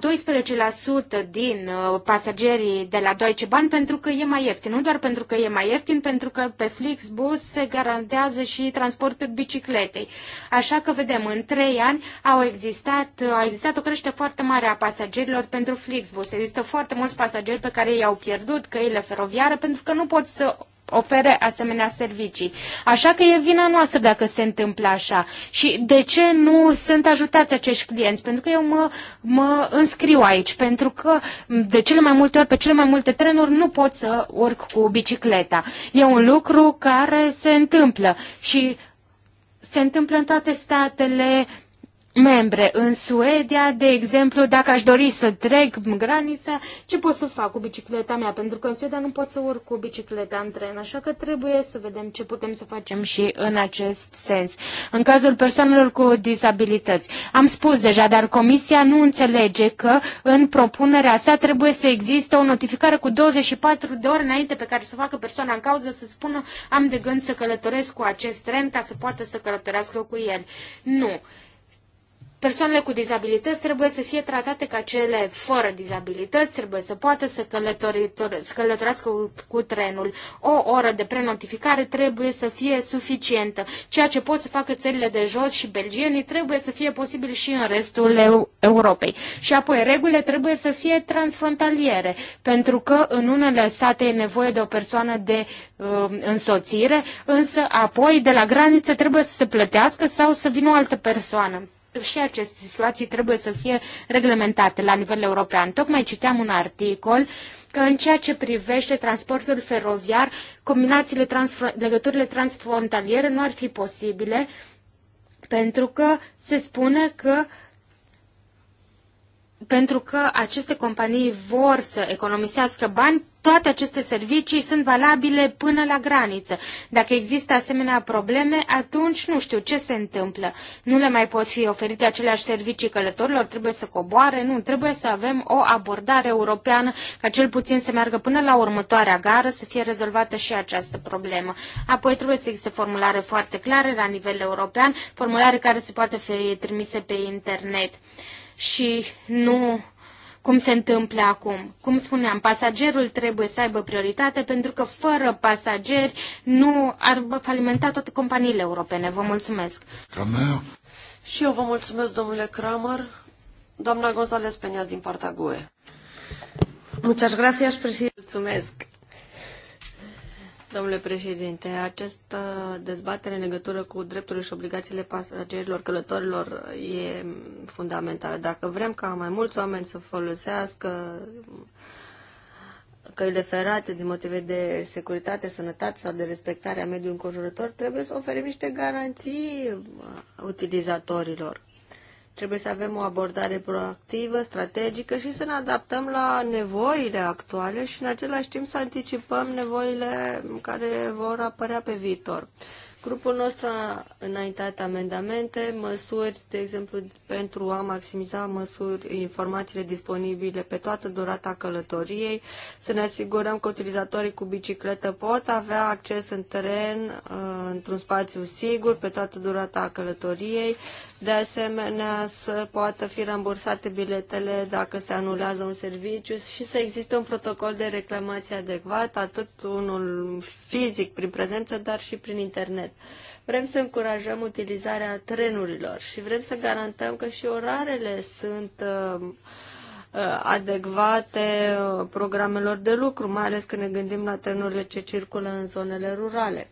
12% din uh, pasagerii de la Deutsche Bahn pentru că e mai ieftin. Nu doar pentru că e mai ieftin, pentru că pe Flixbus se garantează și transportul bicicletei. Așa că vedem, în 3 ani au existat, uh, au existat o creștere foarte mare a pasagerilor pentru Flixbus. Există foarte mulți pasageri pe care i-au pierdut căile feroviare pentru că nu pot să ofere asemenea servicii. Așa că e vina noastră dacă se întâmplă așa. Și de ce nu sunt ajutați acești clienți? Pentru că eu mă, mă înscriu aici, pentru că de cele mai multe ori, pe cele mai multe trenuri, nu pot să urc cu bicicleta. E un lucru care se întâmplă și se întâmplă în toate statele membre. În Suedia, de exemplu, dacă aș dori să trec granița, ce pot să fac cu bicicleta mea? Pentru că în Suedia nu pot să urc cu bicicleta în tren, așa că trebuie să vedem ce putem să facem și în acest sens. În cazul persoanelor cu dizabilități, am spus deja, dar Comisia nu înțelege că în propunerea sa trebuie să existe o notificare cu 24 de ore înainte pe care să o facă persoana în cauză să spună am de gând să călătoresc cu acest tren ca să poată să călătorească cu el. Nu. Persoanele cu dizabilități trebuie să fie tratate ca cele fără dizabilități, trebuie să poată să, să călătorească cu, cu trenul. O oră de prenotificare trebuie să fie suficientă. Ceea ce pot să facă țările de jos și belgienii trebuie să fie posibil și în restul eu, Europei. Și apoi regulile trebuie să fie transfrontaliere, pentru că în unele state e nevoie de o persoană de uh, însoțire, însă apoi de la graniță trebuie să se plătească sau să vină o altă persoană și aceste situații trebuie să fie reglementate la nivel european. Tocmai citeam un articol că în ceea ce privește transportul feroviar, combinațiile, transfr- legăturile transfrontaliere nu ar fi posibile pentru că se spune că uh, pentru că aceste companii vor să economisească bani, toate aceste servicii sunt valabile până la graniță. Dacă există asemenea probleme, atunci nu știu ce se întâmplă. Nu le mai pot fi oferite aceleași servicii călătorilor, trebuie să coboare, nu, trebuie să avem o abordare europeană ca cel puțin să meargă până la următoarea gară să fie rezolvată și această problemă. Apoi trebuie să existe formulare foarte clare la nivel european, formulare care se poate fi trimise pe internet. Uh, și nu cum se întâmplă acum. Cum spuneam, pasagerul trebuie să aibă prioritate pentru că fără pasageri nu ar falimenta toate companiile europene. Vă mulțumesc. Kramer. Și eu vă mulțumesc, domnule Kramer. Doamna González Peñas din partea GUE. Muchas gracias, președinte. Mulțumesc. Domnule președinte, această dezbatere în legătură cu drepturile și obligațiile pasagerilor, călătorilor e fundamentală. Dacă vrem ca mai mulți oameni să folosească căile ferate din motive de securitate, sănătate sau de respectarea mediului înconjurător, trebuie să oferim niște garanții utilizatorilor. Trebuie să avem o abordare proactivă, strategică și să ne adaptăm la nevoile actuale și în același timp să anticipăm nevoile care vor apărea pe viitor. Grupul nostru a înaintat amendamente, măsuri, de exemplu, pentru a maximiza măsuri, informațiile disponibile pe toată durata călătoriei, să ne asigurăm că utilizatorii cu bicicletă pot avea acces în teren, uh, într-un spațiu sigur, pe toată durata călătoriei, de asemenea, să poată fi rambursate biletele dacă se anulează un serviciu și să existe un protocol de reclamație adecvat, atât unul fizic prin prezență, dar și prin internet. Vrem să încurajăm utilizarea trenurilor și vrem să garantăm că și orarele sunt uh, uh, adecvate uh, programelor de lucru, mai ales când ne gândim la trenurile ce circulă în zonele rurale.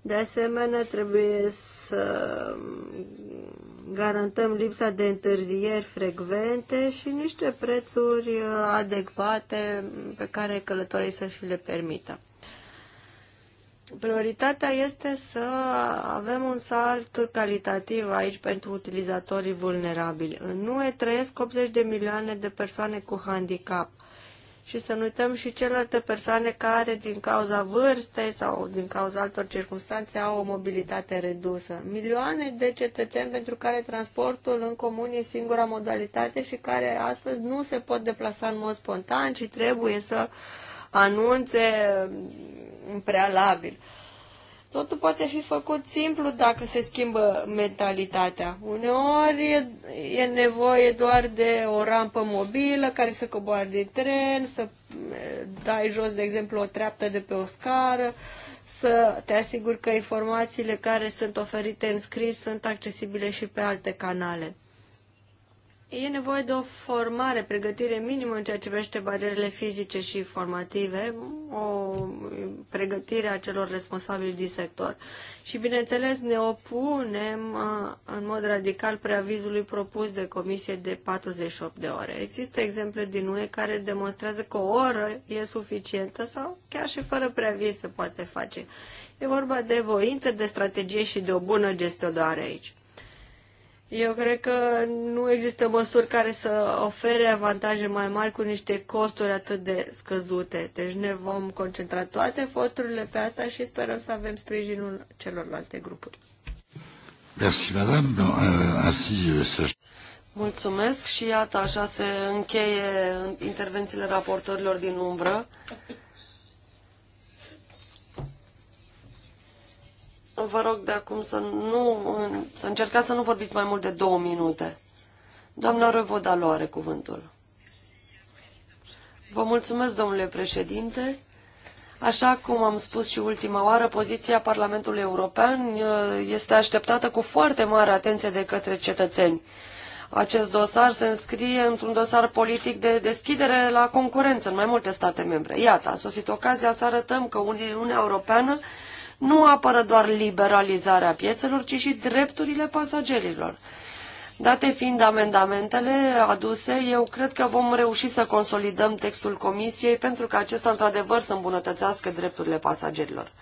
De asemenea, trebuie să garantăm lipsa de întârzieri frecvente și niște prețuri uh, adecvate pe care călătorii să și le permită. Prioritatea este să avem un salt calitativ aici pentru utilizatorii vulnerabili. Nu e trăiesc 80 de milioane de persoane cu handicap – și să nu uităm și celelalte persoane care, din cauza vârstei sau din cauza altor circunstanțe, au o mobilitate redusă. Milioane de cetățeni pentru care transportul în comun e singura modalitate și care astăzi nu se pot deplasa în mod spontan, ci trebuie să anunțe în mm, prealabil. Totul poate fi făcut simplu dacă se schimbă mentalitatea. Uneori e, e nevoie doar de o rampă mobilă care să coboare de tren, să dai jos, de exemplu, o treaptă de pe o scară, să te asiguri că informațiile care sunt oferite în scris sunt accesibile și pe alte canale. E nevoie de o formare, pregătire minimă în ceea ce privește barierele fizice și formative, o pregătire a celor responsabili din sector. Și, bineînțeles, ne opunem uh, în mod radical preavizului propus de comisie de 48 de ore. Există exemple din UE care demonstrează că o oră e suficientă sau chiar și fără preaviz se poate face. E vorba de voință, de strategie și de o bună gestionare aici. Eu cred că nu există măsuri care să ofere avantaje mai mari cu niște costuri atât de scăzute. Deci ne vom concentra toate eforturile pe asta și sperăm să avem sprijinul celorlalte grupuri. Merci, madame. Euh, euh, Mulțumesc și iată, așa se încheie intervențiile raportorilor din umbră. Vă rog de acum să, nu, să încercați să nu vorbiți mai mult de două minute. Doamna Revodalu are cuvântul. Vă mulțumesc, domnule președinte. Așa cum am spus și ultima oară, poziția Parlamentului European uh, este așteptată cu foarte mare atenție de către cetățeni. Acest dosar se înscrie într-un dosar politic de deschidere la concurență în mai multe state membre. Iată, a sosit ocazia să arătăm că Uniunea Europeană nu apără doar liberalizarea piețelor, ci și drepturile pasagerilor. Date fiind amendamentele aduse, eu cred că vom reuși să consolidăm textul Comisiei pentru că acesta într-adevăr să îmbunătățească drepturile pasagerilor.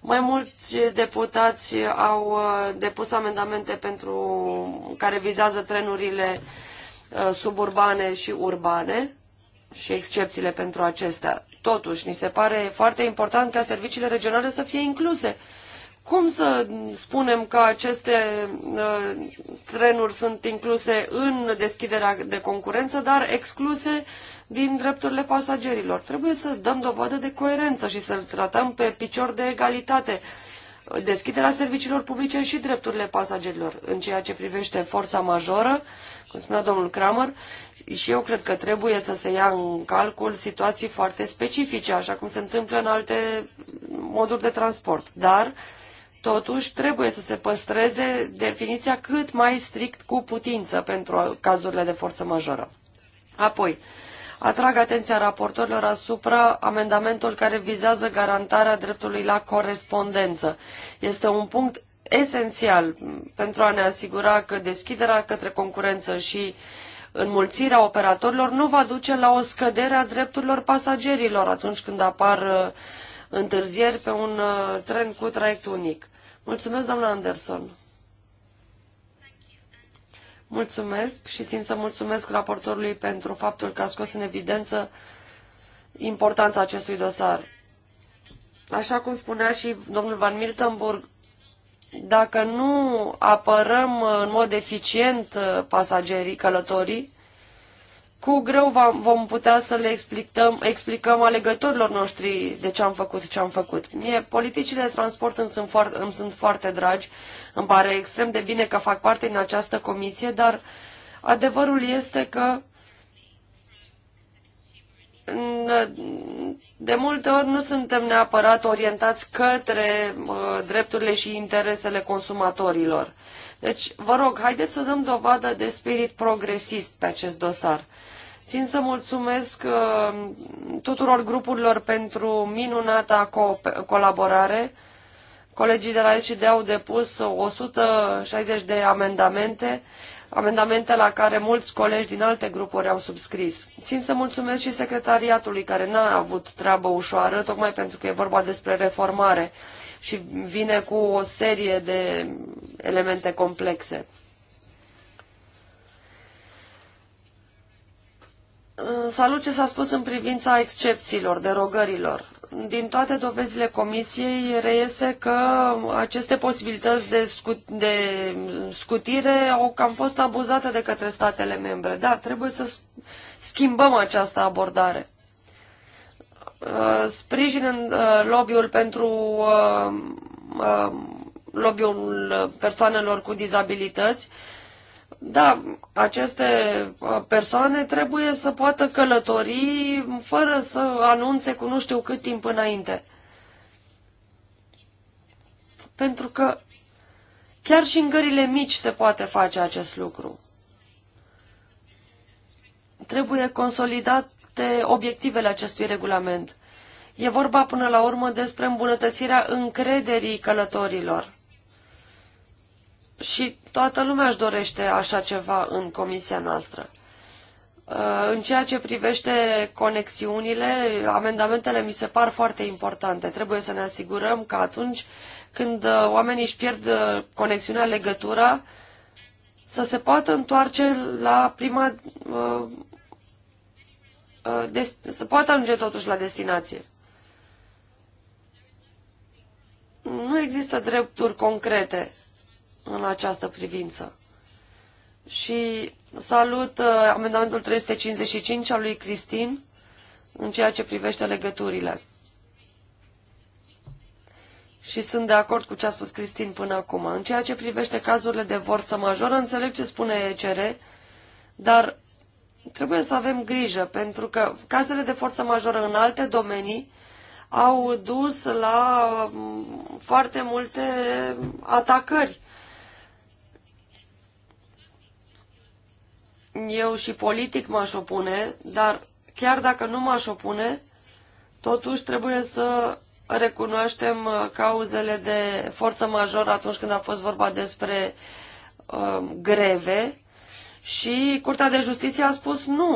Mai mulți deputați au uh, depus amendamente pentru care vizează trenurile uh, suburbane și urbane și excepțiile pentru acestea. Totuși, ni se pare foarte important ca serviciile regionale să fie incluse. Cum să spunem că aceste uh, trenuri sunt incluse în deschiderea de concurență, dar excluse din drepturile pasagerilor? Trebuie să dăm dovadă de coerență și să-l tratăm pe picior de egalitate deschiderea serviciilor publice și drepturile pasagerilor. În ceea ce privește forța majoră, cum spunea domnul Kramer, și eu cred că trebuie să se ia în calcul situații foarte specifice, așa cum se întâmplă în alte moduri de transport. Dar, totuși, trebuie să se păstreze definiția cât mai strict cu putință pentru cazurile de forță majoră. Apoi, atrag atenția raportorilor asupra amendamentul care vizează garantarea dreptului la corespondență. Este un punct esențial pentru a ne asigura că deschiderea către concurență și uh, înmulțirea operatorilor nu va duce la o scădere a drepturilor pasagerilor atunci când apar uh, întârzieri pe un uh, tren cu traiect unic. Mulțumesc, doamna Anderson. Mulțumesc și țin să mulțumesc raportorului pentru faptul că a scos în evidență importanța acestui dosar. Așa cum spunea și domnul Van Miltenburg, dacă nu apărăm în mod eficient uh, pasagerii, călătorii, cu greu vom putea să le explicăm, explicăm alegătorilor noștri de ce am făcut, ce am făcut. Mie, politicile de transport îmi sunt, foarte, îmi sunt foarte dragi, îmi pare extrem de bine că fac parte din această comisie, dar adevărul este că de multe ori nu suntem neapărat orientați către uh, drepturile și interesele consumatorilor. Deci, vă rog, haideți să dăm dovadă de spirit progresist pe acest dosar. Țin să mulțumesc uh, tuturor grupurilor pentru minunata co- colaborare. Colegii de la SCD au depus 160 de amendamente amendamente la care mulți colegi din alte grupuri au subscris. Țin să mulțumesc și secretariatului care n-a avut treabă ușoară, tocmai pentru că e vorba despre reformare și vine cu o serie de elemente complexe. Salut ce s-a spus în privința excepțiilor, derogărilor din toate dovezile comisiei reiese că aceste posibilități de, scut, de scutire au cam fost abuzate de către statele membre. Da, trebuie să schimbăm această abordare. Uh, sprijin lobbyul uh, lobby-ul pentru uh, lobby-ul persoanelor cu dizabilități da, aceste uh, persoane trebuie să poată călători fără să anunțe cu nu știu cât timp înainte. Pentru că chiar și în gările mici se poate face acest lucru. Trebuie consolidate obiectivele acestui regulament. E vorba până la urmă despre îmbunătățirea încrederii călătorilor și toată lumea își dorește așa ceva în comisia noastră. Uh, în ceea ce privește conexiunile, amendamentele mi se par foarte importante. Trebuie să ne asigurăm că atunci când uh, oamenii își pierd uh, conexiunea, legătura, să se poată întoarce la prima... să poată ajunge totuși la destinație. Nu există drepturi concrete în această privință. Și salut uh, amendamentul 355 al lui Cristin în ceea ce privește legăturile. Și sunt de acord cu ce a spus Cristin până acum. În ceea ce privește cazurile de forță majoră, înțeleg ce spune ECR, dar trebuie să avem grijă, pentru că cazurile de forță majoră în alte domenii au dus la mm, foarte multe atacări Eu și politic m-aș opune, dar chiar dacă nu m-aș opune, totuși trebuie să recunoaștem uh, cauzele de forță majoră atunci când a fost vorba despre uh, greve și Curtea de Justiție a spus nu.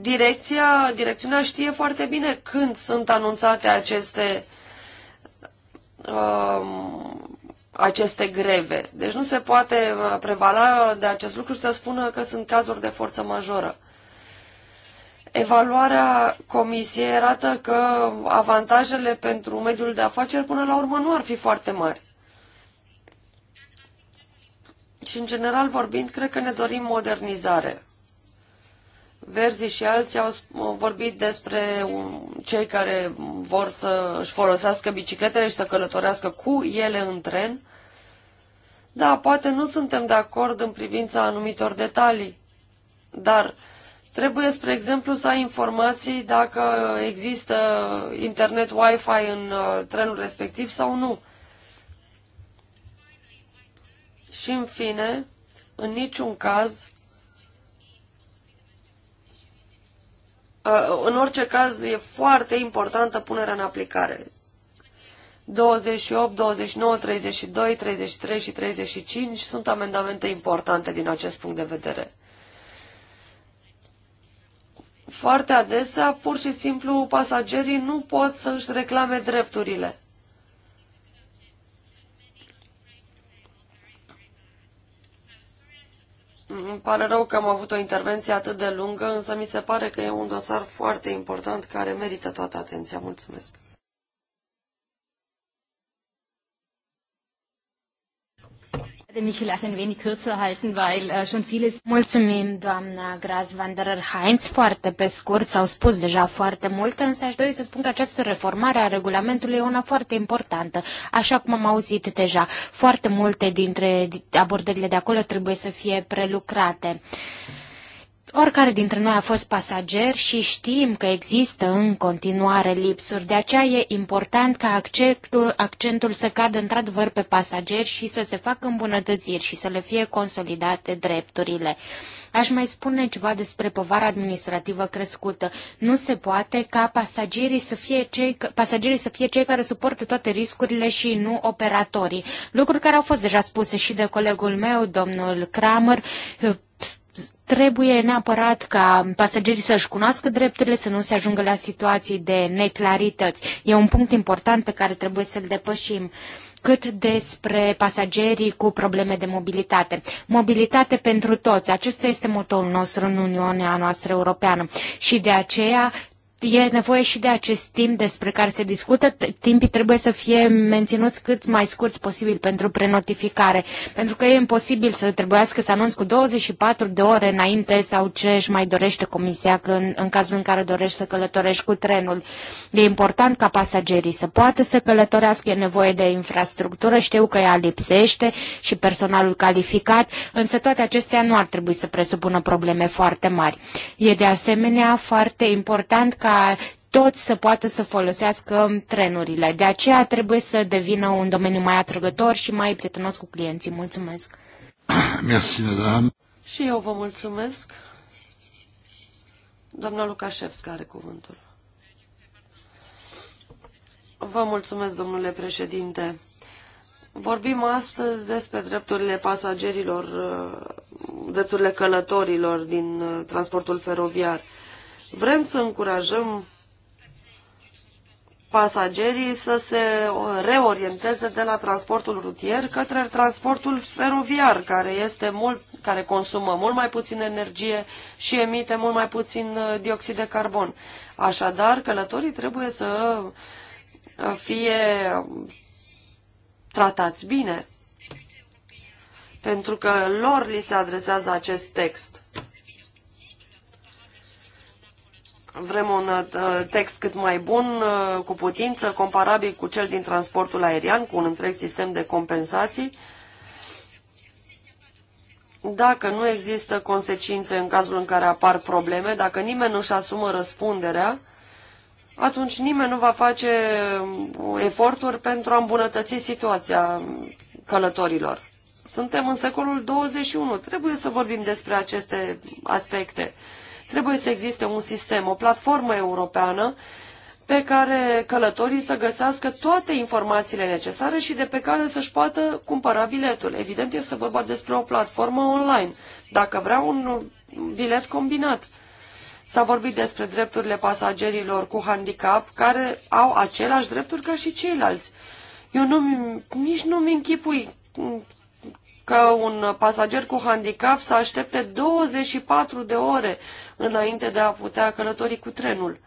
Direcția, direcțiunea știe foarte bine când sunt anunțate aceste uh, aceste greve. Deci nu se poate uh, prevala de acest lucru să spună că sunt cazuri de forță majoră. Evaluarea comisiei arată că avantajele pentru mediul de afaceri până la urmă nu ar fi foarte mari. Și în general vorbind, cred că ne dorim modernizare. Verzi și alții au vorbit despre cei care vor să își folosească bicicletele și să călătorească cu ele în tren. Da, poate nu suntem de acord în privința anumitor detalii, dar trebuie, spre exemplu, să ai informații dacă există internet Wi-Fi în uh, trenul respectiv sau nu. Și, în fine, în niciun caz, Uh, în orice caz, e foarte importantă punerea în aplicare. 28, 29, 32, 33 și 35 sunt amendamente importante din acest punct de vedere. Foarte adesea, pur și simplu, pasagerii nu pot să-și reclame drepturile. Îmi pare rău că am avut o intervenție atât de lungă, însă mi se pare că e un dosar foarte important care merită toată atenția. Mulțumesc! Äh, Mulțumim, doamna Gras van der Heinz. Foarte pe scurt s-au spus deja foarte mult, însă aș dori să spun că această reformare a regulamentului e una foarte importantă. Așa cum am auzit deja, foarte multe dintre abordările de acolo trebuie să fie prelucrate. Oricare dintre noi a fost pasager și știm că există în continuare lipsuri, de aceea e important ca accentul, accentul să cadă într-adevăr pe pasageri și să se facă îmbunătățiri și să le fie consolidate drepturile. Aș mai spune ceva despre povara administrativă crescută. Nu se poate ca pasagerii să fie cei, pasagerii să fie cei care suportă toate riscurile și nu operatorii. Lucruri care au fost deja spuse și de colegul meu, domnul Kramer, trebuie neapărat ca pasagerii să-și cunoască drepturile, să nu se ajungă la situații de neclarități. E un punct important pe care trebuie să-l depășim cât despre pasagerii cu probleme de mobilitate. Mobilitate pentru toți. Acesta este motoul nostru în Uniunea noastră europeană și de aceea e nevoie și de acest timp despre care se discută. Timpii trebuie să fie menținuți cât mai scurți posibil pentru prenotificare, pentru că e imposibil să trebuiască să anunți cu 24 de ore înainte sau ce își mai dorește comisia când, în cazul în care dorești să călătorești cu trenul. E important ca pasagerii să poată să călătorească, e nevoie de infrastructură, știu că ea lipsește și personalul calificat, însă toate acestea nu ar trebui să presupună probleme foarte mari. E de asemenea foarte important ca ca toți să poată să folosească trenurile. De aceea trebuie să devină un domeniu mai atrăgător și mai prietenos cu clienții. Mulțumesc! *coughs* Mersi, madame. Și eu vă mulțumesc. Doamna Lukașevska are cuvântul. Vă mulțumesc, domnule președinte. Vorbim astăzi despre drepturile pasagerilor, uh, drepturile călătorilor din uh, transportul feroviar. Vrem să încurajăm pasagerii să se reorienteze de la transportul rutier către transportul feroviar, care, este mult, care consumă mult mai puțin energie și emite mult mai puțin uh, dioxid de carbon. Așadar, călătorii trebuie să uh, fie tratați bine, pentru că lor li se adresează acest text. Vrem un uh, text cât mai bun, uh, cu putință, comparabil cu cel din transportul aerian, cu un întreg sistem de compensații. Dacă nu există consecințe în cazul în care apar probleme, dacă nimeni nu-și asumă răspunderea, atunci nimeni nu va face uh, eforturi pentru a îmbunătăți situația călătorilor. Suntem în secolul 21, trebuie să vorbim despre aceste aspecte. Trebuie să existe un sistem, o platformă europeană pe care călătorii să găsească toate informațiile necesare și de pe care să-și poată cumpăra biletul. Evident, este vorba despre o platformă online, dacă vrea un bilet combinat. S-a vorbit despre drepturile pasagerilor cu handicap, care au aceleași drepturi ca și ceilalți. Eu nu, nici nu-mi închipui că un pasager cu handicap să aștepte 24 de ore înainte de a putea călători cu trenul.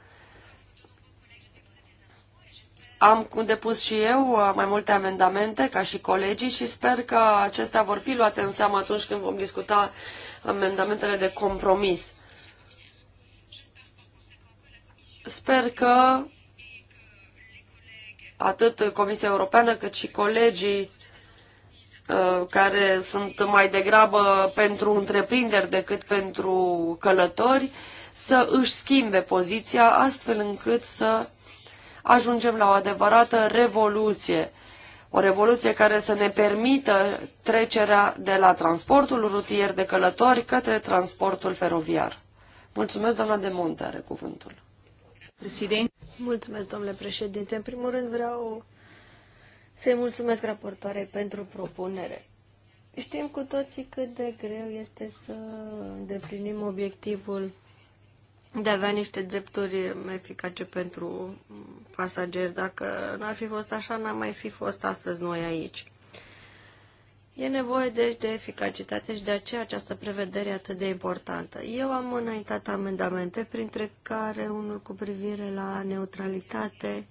Am depus și eu mai multe amendamente, ca și colegii, și sper că acestea vor fi luate în seamă atunci când vom discuta amendamentele de compromis. Sper că atât Comisia Europeană cât și colegii Uh, care sunt mai degrabă pentru întreprinderi decât pentru călători, să își schimbe poziția astfel încât să ajungem la o adevărată revoluție. O revoluție care să ne permită trecerea de la transportul rutier de călători către transportul feroviar. Mulțumesc, doamna de Monte, are cuvântul. Președinte. Mulțumesc, domnule președinte. În primul rând vreau să-i mulțumesc raportoare pentru propunere. Știm cu toții cât de greu este să îndeplinim obiectivul de a avea niște drepturi eficace pentru pasageri. Dacă n-ar fi fost așa, n-ar mai fi fost astăzi noi aici. E nevoie, deci, de eficacitate și de aceea această prevedere atât de importantă. Eu am înaintat amendamente, printre care unul cu privire la neutralitate,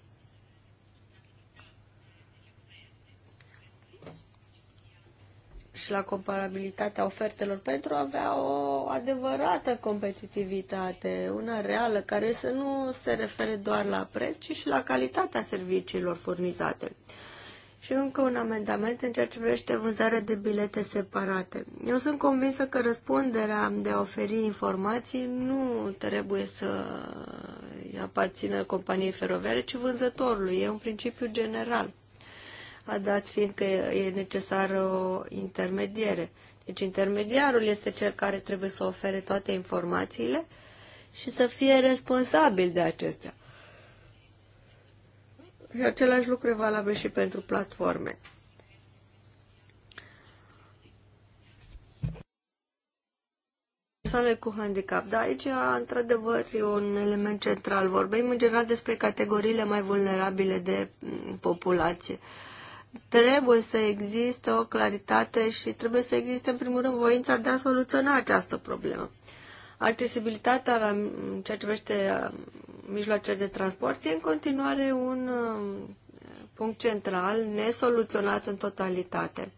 și la comparabilitatea ofertelor pentru a avea o adevărată competitivitate, una reală, care să nu se refere doar la preț, ci și la calitatea serviciilor furnizate. Și încă un amendament în ceea ce privește vânzarea de bilete separate. Eu sunt convinsă că răspunderea de a oferi informații nu trebuie să aparțină companiei feroviare, ci vânzătorului. E un principiu general dat fiindcă e necesară o intermediere. Deci intermediarul este cel care trebuie să ofere toate informațiile și să fie responsabil de acestea. Și același lucru e valabil și pentru platforme. Persoane cu handicap. Da, aici, într-adevăr, e un element central. Vorbim, în general, despre categoriile mai vulnerabile de populație trebuie să existe o claritate și trebuie să existe, în primul rând, voința de a soluționa această problemă. Accesibilitatea la ceea ce vește uh, mijloacele de transport e în continuare un uh, punct central, nesoluționat în totalitate.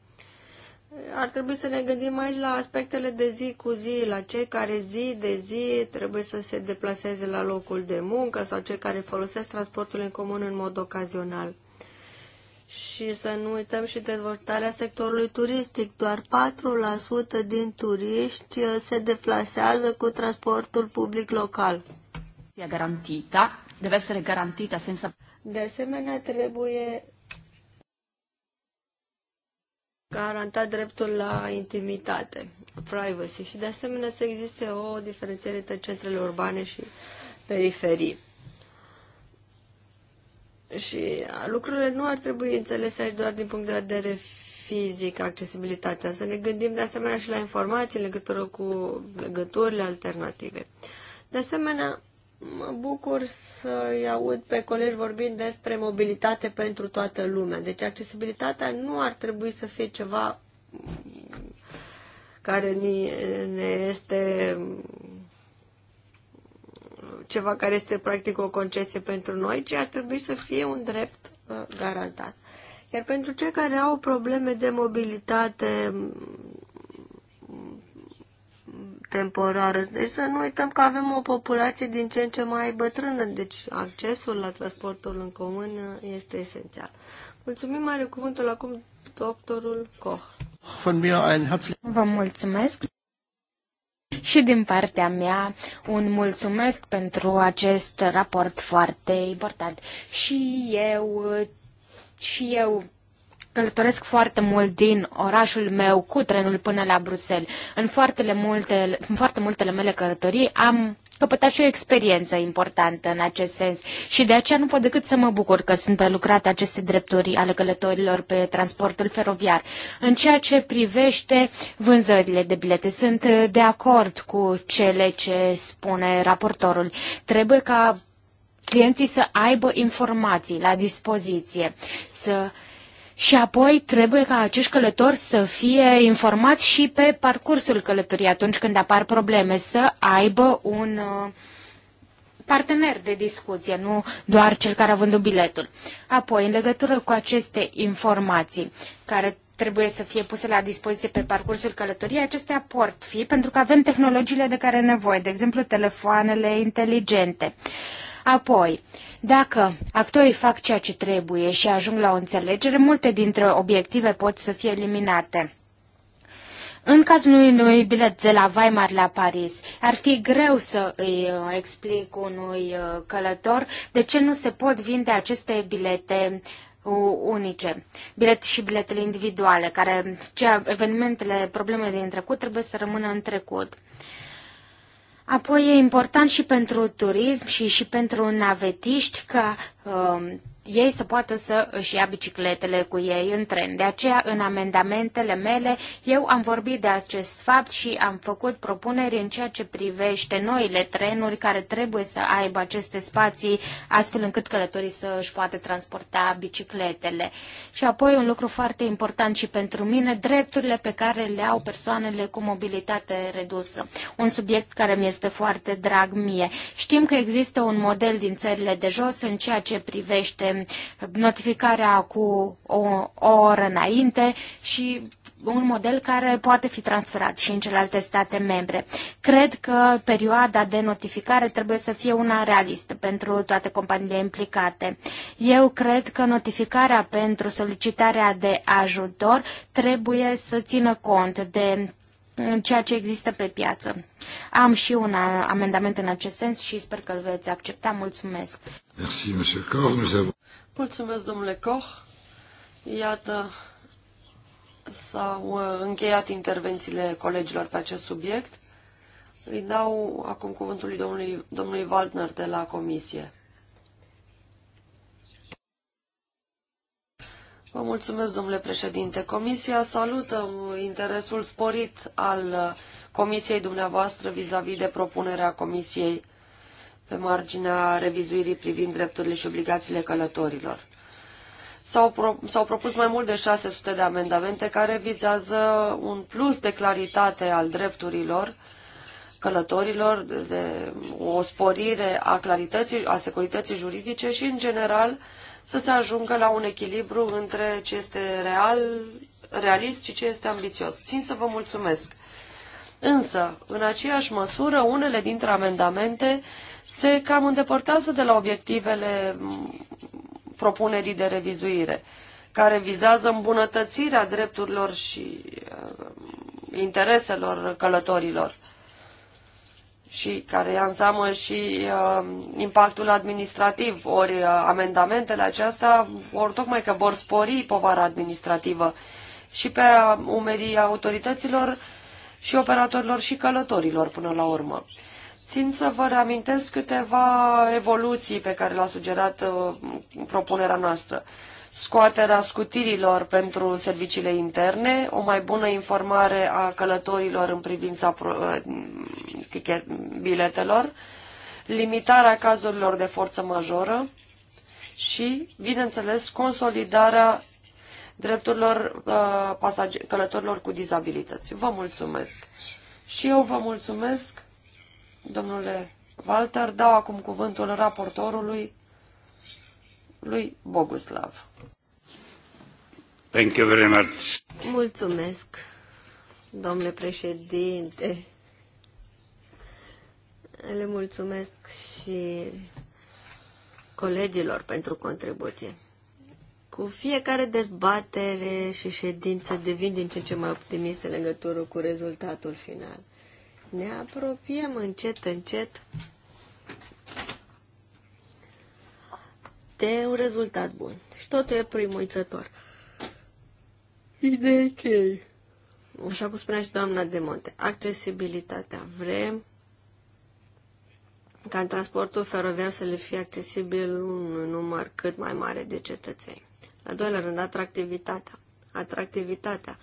Ar trebui să ne gândim aici la aspectele de zi cu zi, la cei care zi de zi trebuie să se deplaseze la locul de muncă sau cei care folosesc transportul în comun în mod ocazional. Și să nu uităm și dezvoltarea sectorului turistic. Doar 4% din turiști uh, se deplasează cu transportul public local. Garantita, deve essere garantita senza... De asemenea, trebuie garanta dreptul la intimitate, privacy și de asemenea să existe o diferențiere între centrele urbane și periferii. Și lucrurile nu ar trebui înțelese aici doar din punct de vedere fizic, accesibilitatea, să ne gândim de asemenea și la informații în legătură cu legăturile alternative. De asemenea, mă bucur să-i aud pe colegi vorbind despre mobilitate pentru toată lumea. Deci accesibilitatea nu ar trebui să fie ceva care ne este ceva care este practic o concesie pentru noi, ci ar trebui să fie un drept uh, garantat. Iar pentru cei care au probleme de mobilitate temporară, deci să nu uităm că avem o populație din ce în ce mai bătrână, deci accesul la transportul în comun uh, este esențial. Mulțumim, mare cuvântul acum doctorul Koch. Vă mulțumesc. Și din partea mea, un mulțumesc pentru acest raport foarte important. Și eu, și eu călătoresc foarte mult din orașul meu cu trenul până la Bruxelles. În foarte multe, în foarte multele mele călătorii am căpăta și o experiență importantă în acest sens și de aceea nu pot decât să mă bucur că sunt prelucrate aceste drepturi ale călătorilor pe transportul feroviar. În ceea ce privește vânzările de bilete, sunt de acord cu cele ce spune raportorul. Trebuie ca clienții să aibă informații la dispoziție, să și apoi trebuie ca acești călători să fie informați și pe parcursul călătoriei atunci când apar probleme, să aibă un uh, partener de discuție, nu doar cel care a vândut biletul. Apoi, în legătură cu aceste informații care trebuie să fie puse la dispoziție pe parcursul călătoriei, acestea port fi, pentru că avem tehnologiile de care nevoie, de exemplu telefoanele inteligente. Apoi, uh, dacă actorii fac ceea ce trebuie și ajung la o înțelegere, multe dintre obiective pot să fie eliminate. În cazul unui bilet de la Weimar la Paris, ar fi greu să îi uh, explic unui uh, călător de ce nu se pot vinde aceste bilete uh, unice, bilet și biletele individuale, care ce, evenimentele, problemele din trecut trebuie să rămână în trecut. Apoi e important și pentru turism și, și pentru navetiști ca um, ei să poată să își ia bicicletele cu ei în tren. De aceea, în amendamentele mele, eu am vorbit de acest fapt și am făcut propuneri în ceea ce privește noile trenuri care trebuie să aibă aceste spații, astfel încât călătorii să își poată transporta bicicletele. Și apoi, un lucru foarte important și pentru mine, drepturile pe care le au persoanele cu mobilitate redusă. Un subiect care mi este foarte drag mie. Știm că există un model din țările de jos în ceea ce privește notificarea cu o, o oră înainte și un model care poate fi transferat și în celelalte state membre. Cred că perioada de notificare trebuie să fie una realistă pentru toate companiile implicate. Eu cred că notificarea pentru solicitarea de ajutor trebuie să țină cont de ceea ce există pe piață. Am și un amendament în acest sens și sper că îl veți accepta. Mulțumesc! Merci, monsieur Koch. Mulțumesc, domnule Koch. Iată, s-au uh, încheiat intervențiile colegilor pe acest subiect. Îi dau acum cuvântul lui domnului, domnului Waldner de la Comisie. Vă mulțumesc, domnule președinte. Comisia salută interesul sporit al Comisiei dumneavoastră vis-a-vis -vis de propunerea Comisiei pe marginea revizuirii privind drepturile și obligațiile călătorilor. S-au, pro propus mai mult de 600 de amendamente care vizează un plus de claritate al drepturilor călătorilor, de, de o sporire a clarității, a securității juridice și, în general, să se ajungă la un echilibru între ce este real, realist și ce este ambițios. Țin să vă mulțumesc. Însă, în aceeași măsură, unele dintre amendamente se cam îndepărtează de la obiectivele propunerii de revizuire, care vizează îmbunătățirea drepturilor și uh, intereselor călătorilor și care ia în seamă și uh, impactul administrativ, ori uh, amendamentele acestea, ori tocmai că vor spori povara administrativă și pe umerii autorităților și operatorilor și călătorilor până la urmă. Țin să vă reamintesc câteva evoluții pe care le-a sugerat uh, propunerea noastră. Uh, scoaterea scutirilor pentru serviciile interne, o mai bună informare a călătorilor în privința uh, biletelor, limitarea cazurilor de forță majoră și, bineînțeles, consolidarea drepturilor uh, călătorilor cu dizabilități. Vă mulțumesc! Și eu vă mulțumesc, domnule Walter, dau acum cuvântul raportorului lui Boguslav. Thank you very much. Mulțumesc, domnule președinte. Le mulțumesc și colegilor pentru contribuție. Cu fiecare dezbatere și ședință devin din ce în ce mai optimist în legătură cu rezultatul final. Ne apropiem încet, încet de un rezultat bun. Și totul e primuițător idei chei. Așa cum spunea și doamna de Monte, accesibilitatea. Vrem ca în transportul feroviar să le fie accesibil un număr cât mai mare de cetățeni. La doilea rând, atractivitatea. Atractivitatea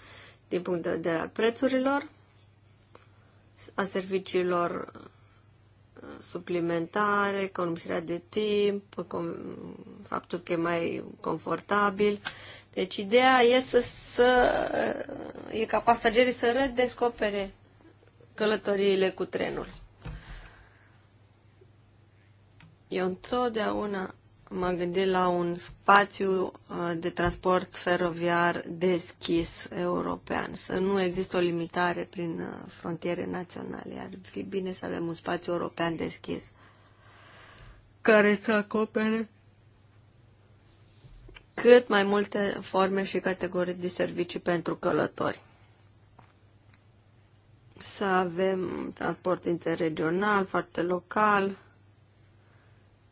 din punct de vedere al prețurilor, a serviciilor uh, suplimentare, economisirea de timp, faptul că e mai confortabil deci ideea e să, să e ca pasagerii să redescopere călătoriile cu trenul. Eu întotdeauna mă gândit la un spațiu uh, de transport feroviar deschis european, să nu există o limitare prin uh, frontiere naționale. Ar fi bine să avem un spațiu european deschis care să acopere cât mai multe forme și categorii de servicii pentru călători. Să avem transport interregional, foarte local.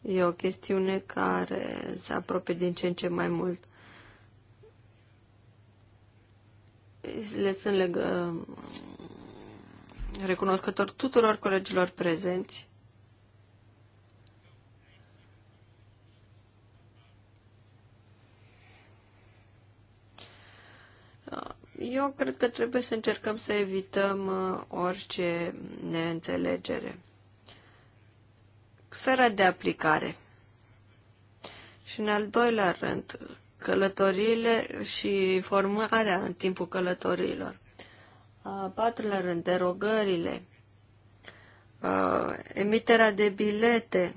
E o chestiune care se apropie din ce în ce mai mult. Le sunt legă... recunoscător tuturor colegilor prezenți eu cred că trebuie să încercăm să evităm uh, orice neînțelegere. Sfera de aplicare. Și în al doilea rând, călătoriile și formarea în timpul călătoriilor. A patrulea rând, derogările, emiterea de bilete,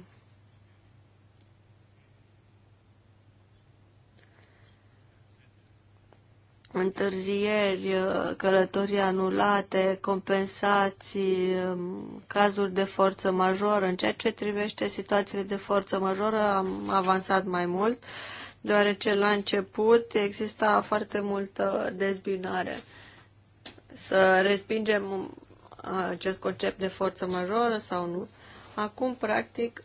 întârzieri, uh, călătorii anulate, compensații, um, cazuri de forță majoră. În ceea ce privește situațiile de forță majoră am avansat mai mult, deoarece la început exista foarte multă dezbinare. Să respingem uh, acest concept de forță majoră sau nu. Acum, practic,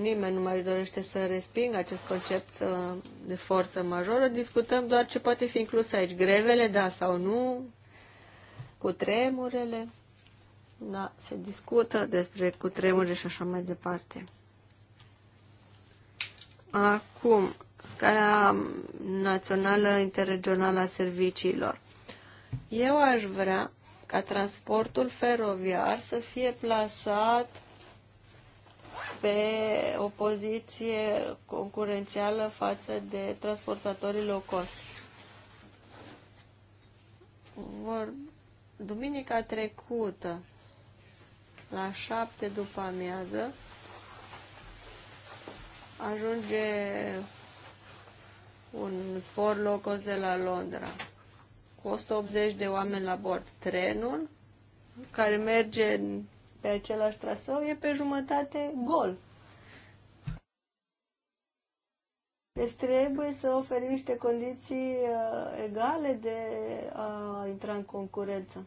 nimeni nu mai dorește să respingă acest concept uh, de forță majoră, discutăm doar ce poate fi inclus aici. Grevele, da sau nu, cu tremurele, da, se discută despre cu tremure și așa mai departe. Acum, scala națională interregională a serviciilor. Eu aș vrea ca transportul feroviar să fie plasat pe o poziție concurențială față de transportatorii low cost. Vor... Duminica trecută, la șapte după amiază, ajunge un zbor low cost de la Londra. Cu 180 de oameni la bord. Trenul, care merge pe același traseu e pe jumătate gol. Deci trebuie să oferim niște condiții uh, egale de a intra în concurență,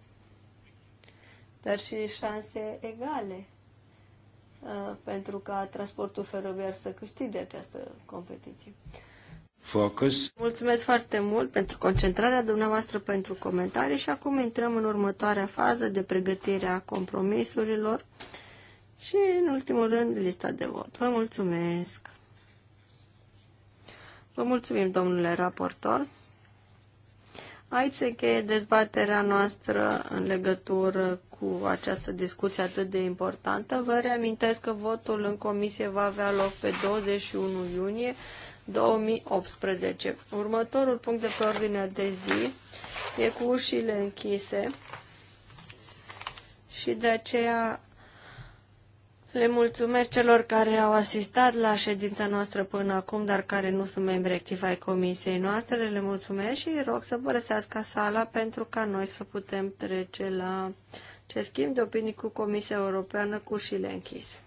dar și șanse egale uh, pentru ca transportul feroviar să câștige această competiție. Uh, focus. Mulțumesc foarte mult pentru concentrarea dumneavoastră, pentru comentarii și acum intrăm în următoarea fază de pregătire a compromisurilor și, în ultimul rând, lista de vot. Vă mulțumesc! Vă mulțumim, domnule raportor! Aici se cheie dezbaterea noastră în legătură cu această discuție atât de importantă. Vă reamintesc că votul în comisie va avea loc pe 21 iunie 2018. Următorul punct de pe ordinea de zi e cu ușile închise și de aceea le mulțumesc celor care au asistat la ședința noastră până acum, dar care nu sunt membri activi ai comisiei noastre. Le mulțumesc și rog să părăsească sala pentru ca noi să putem trece la ce schimb de opinii cu Comisia Europeană cu ușile închise.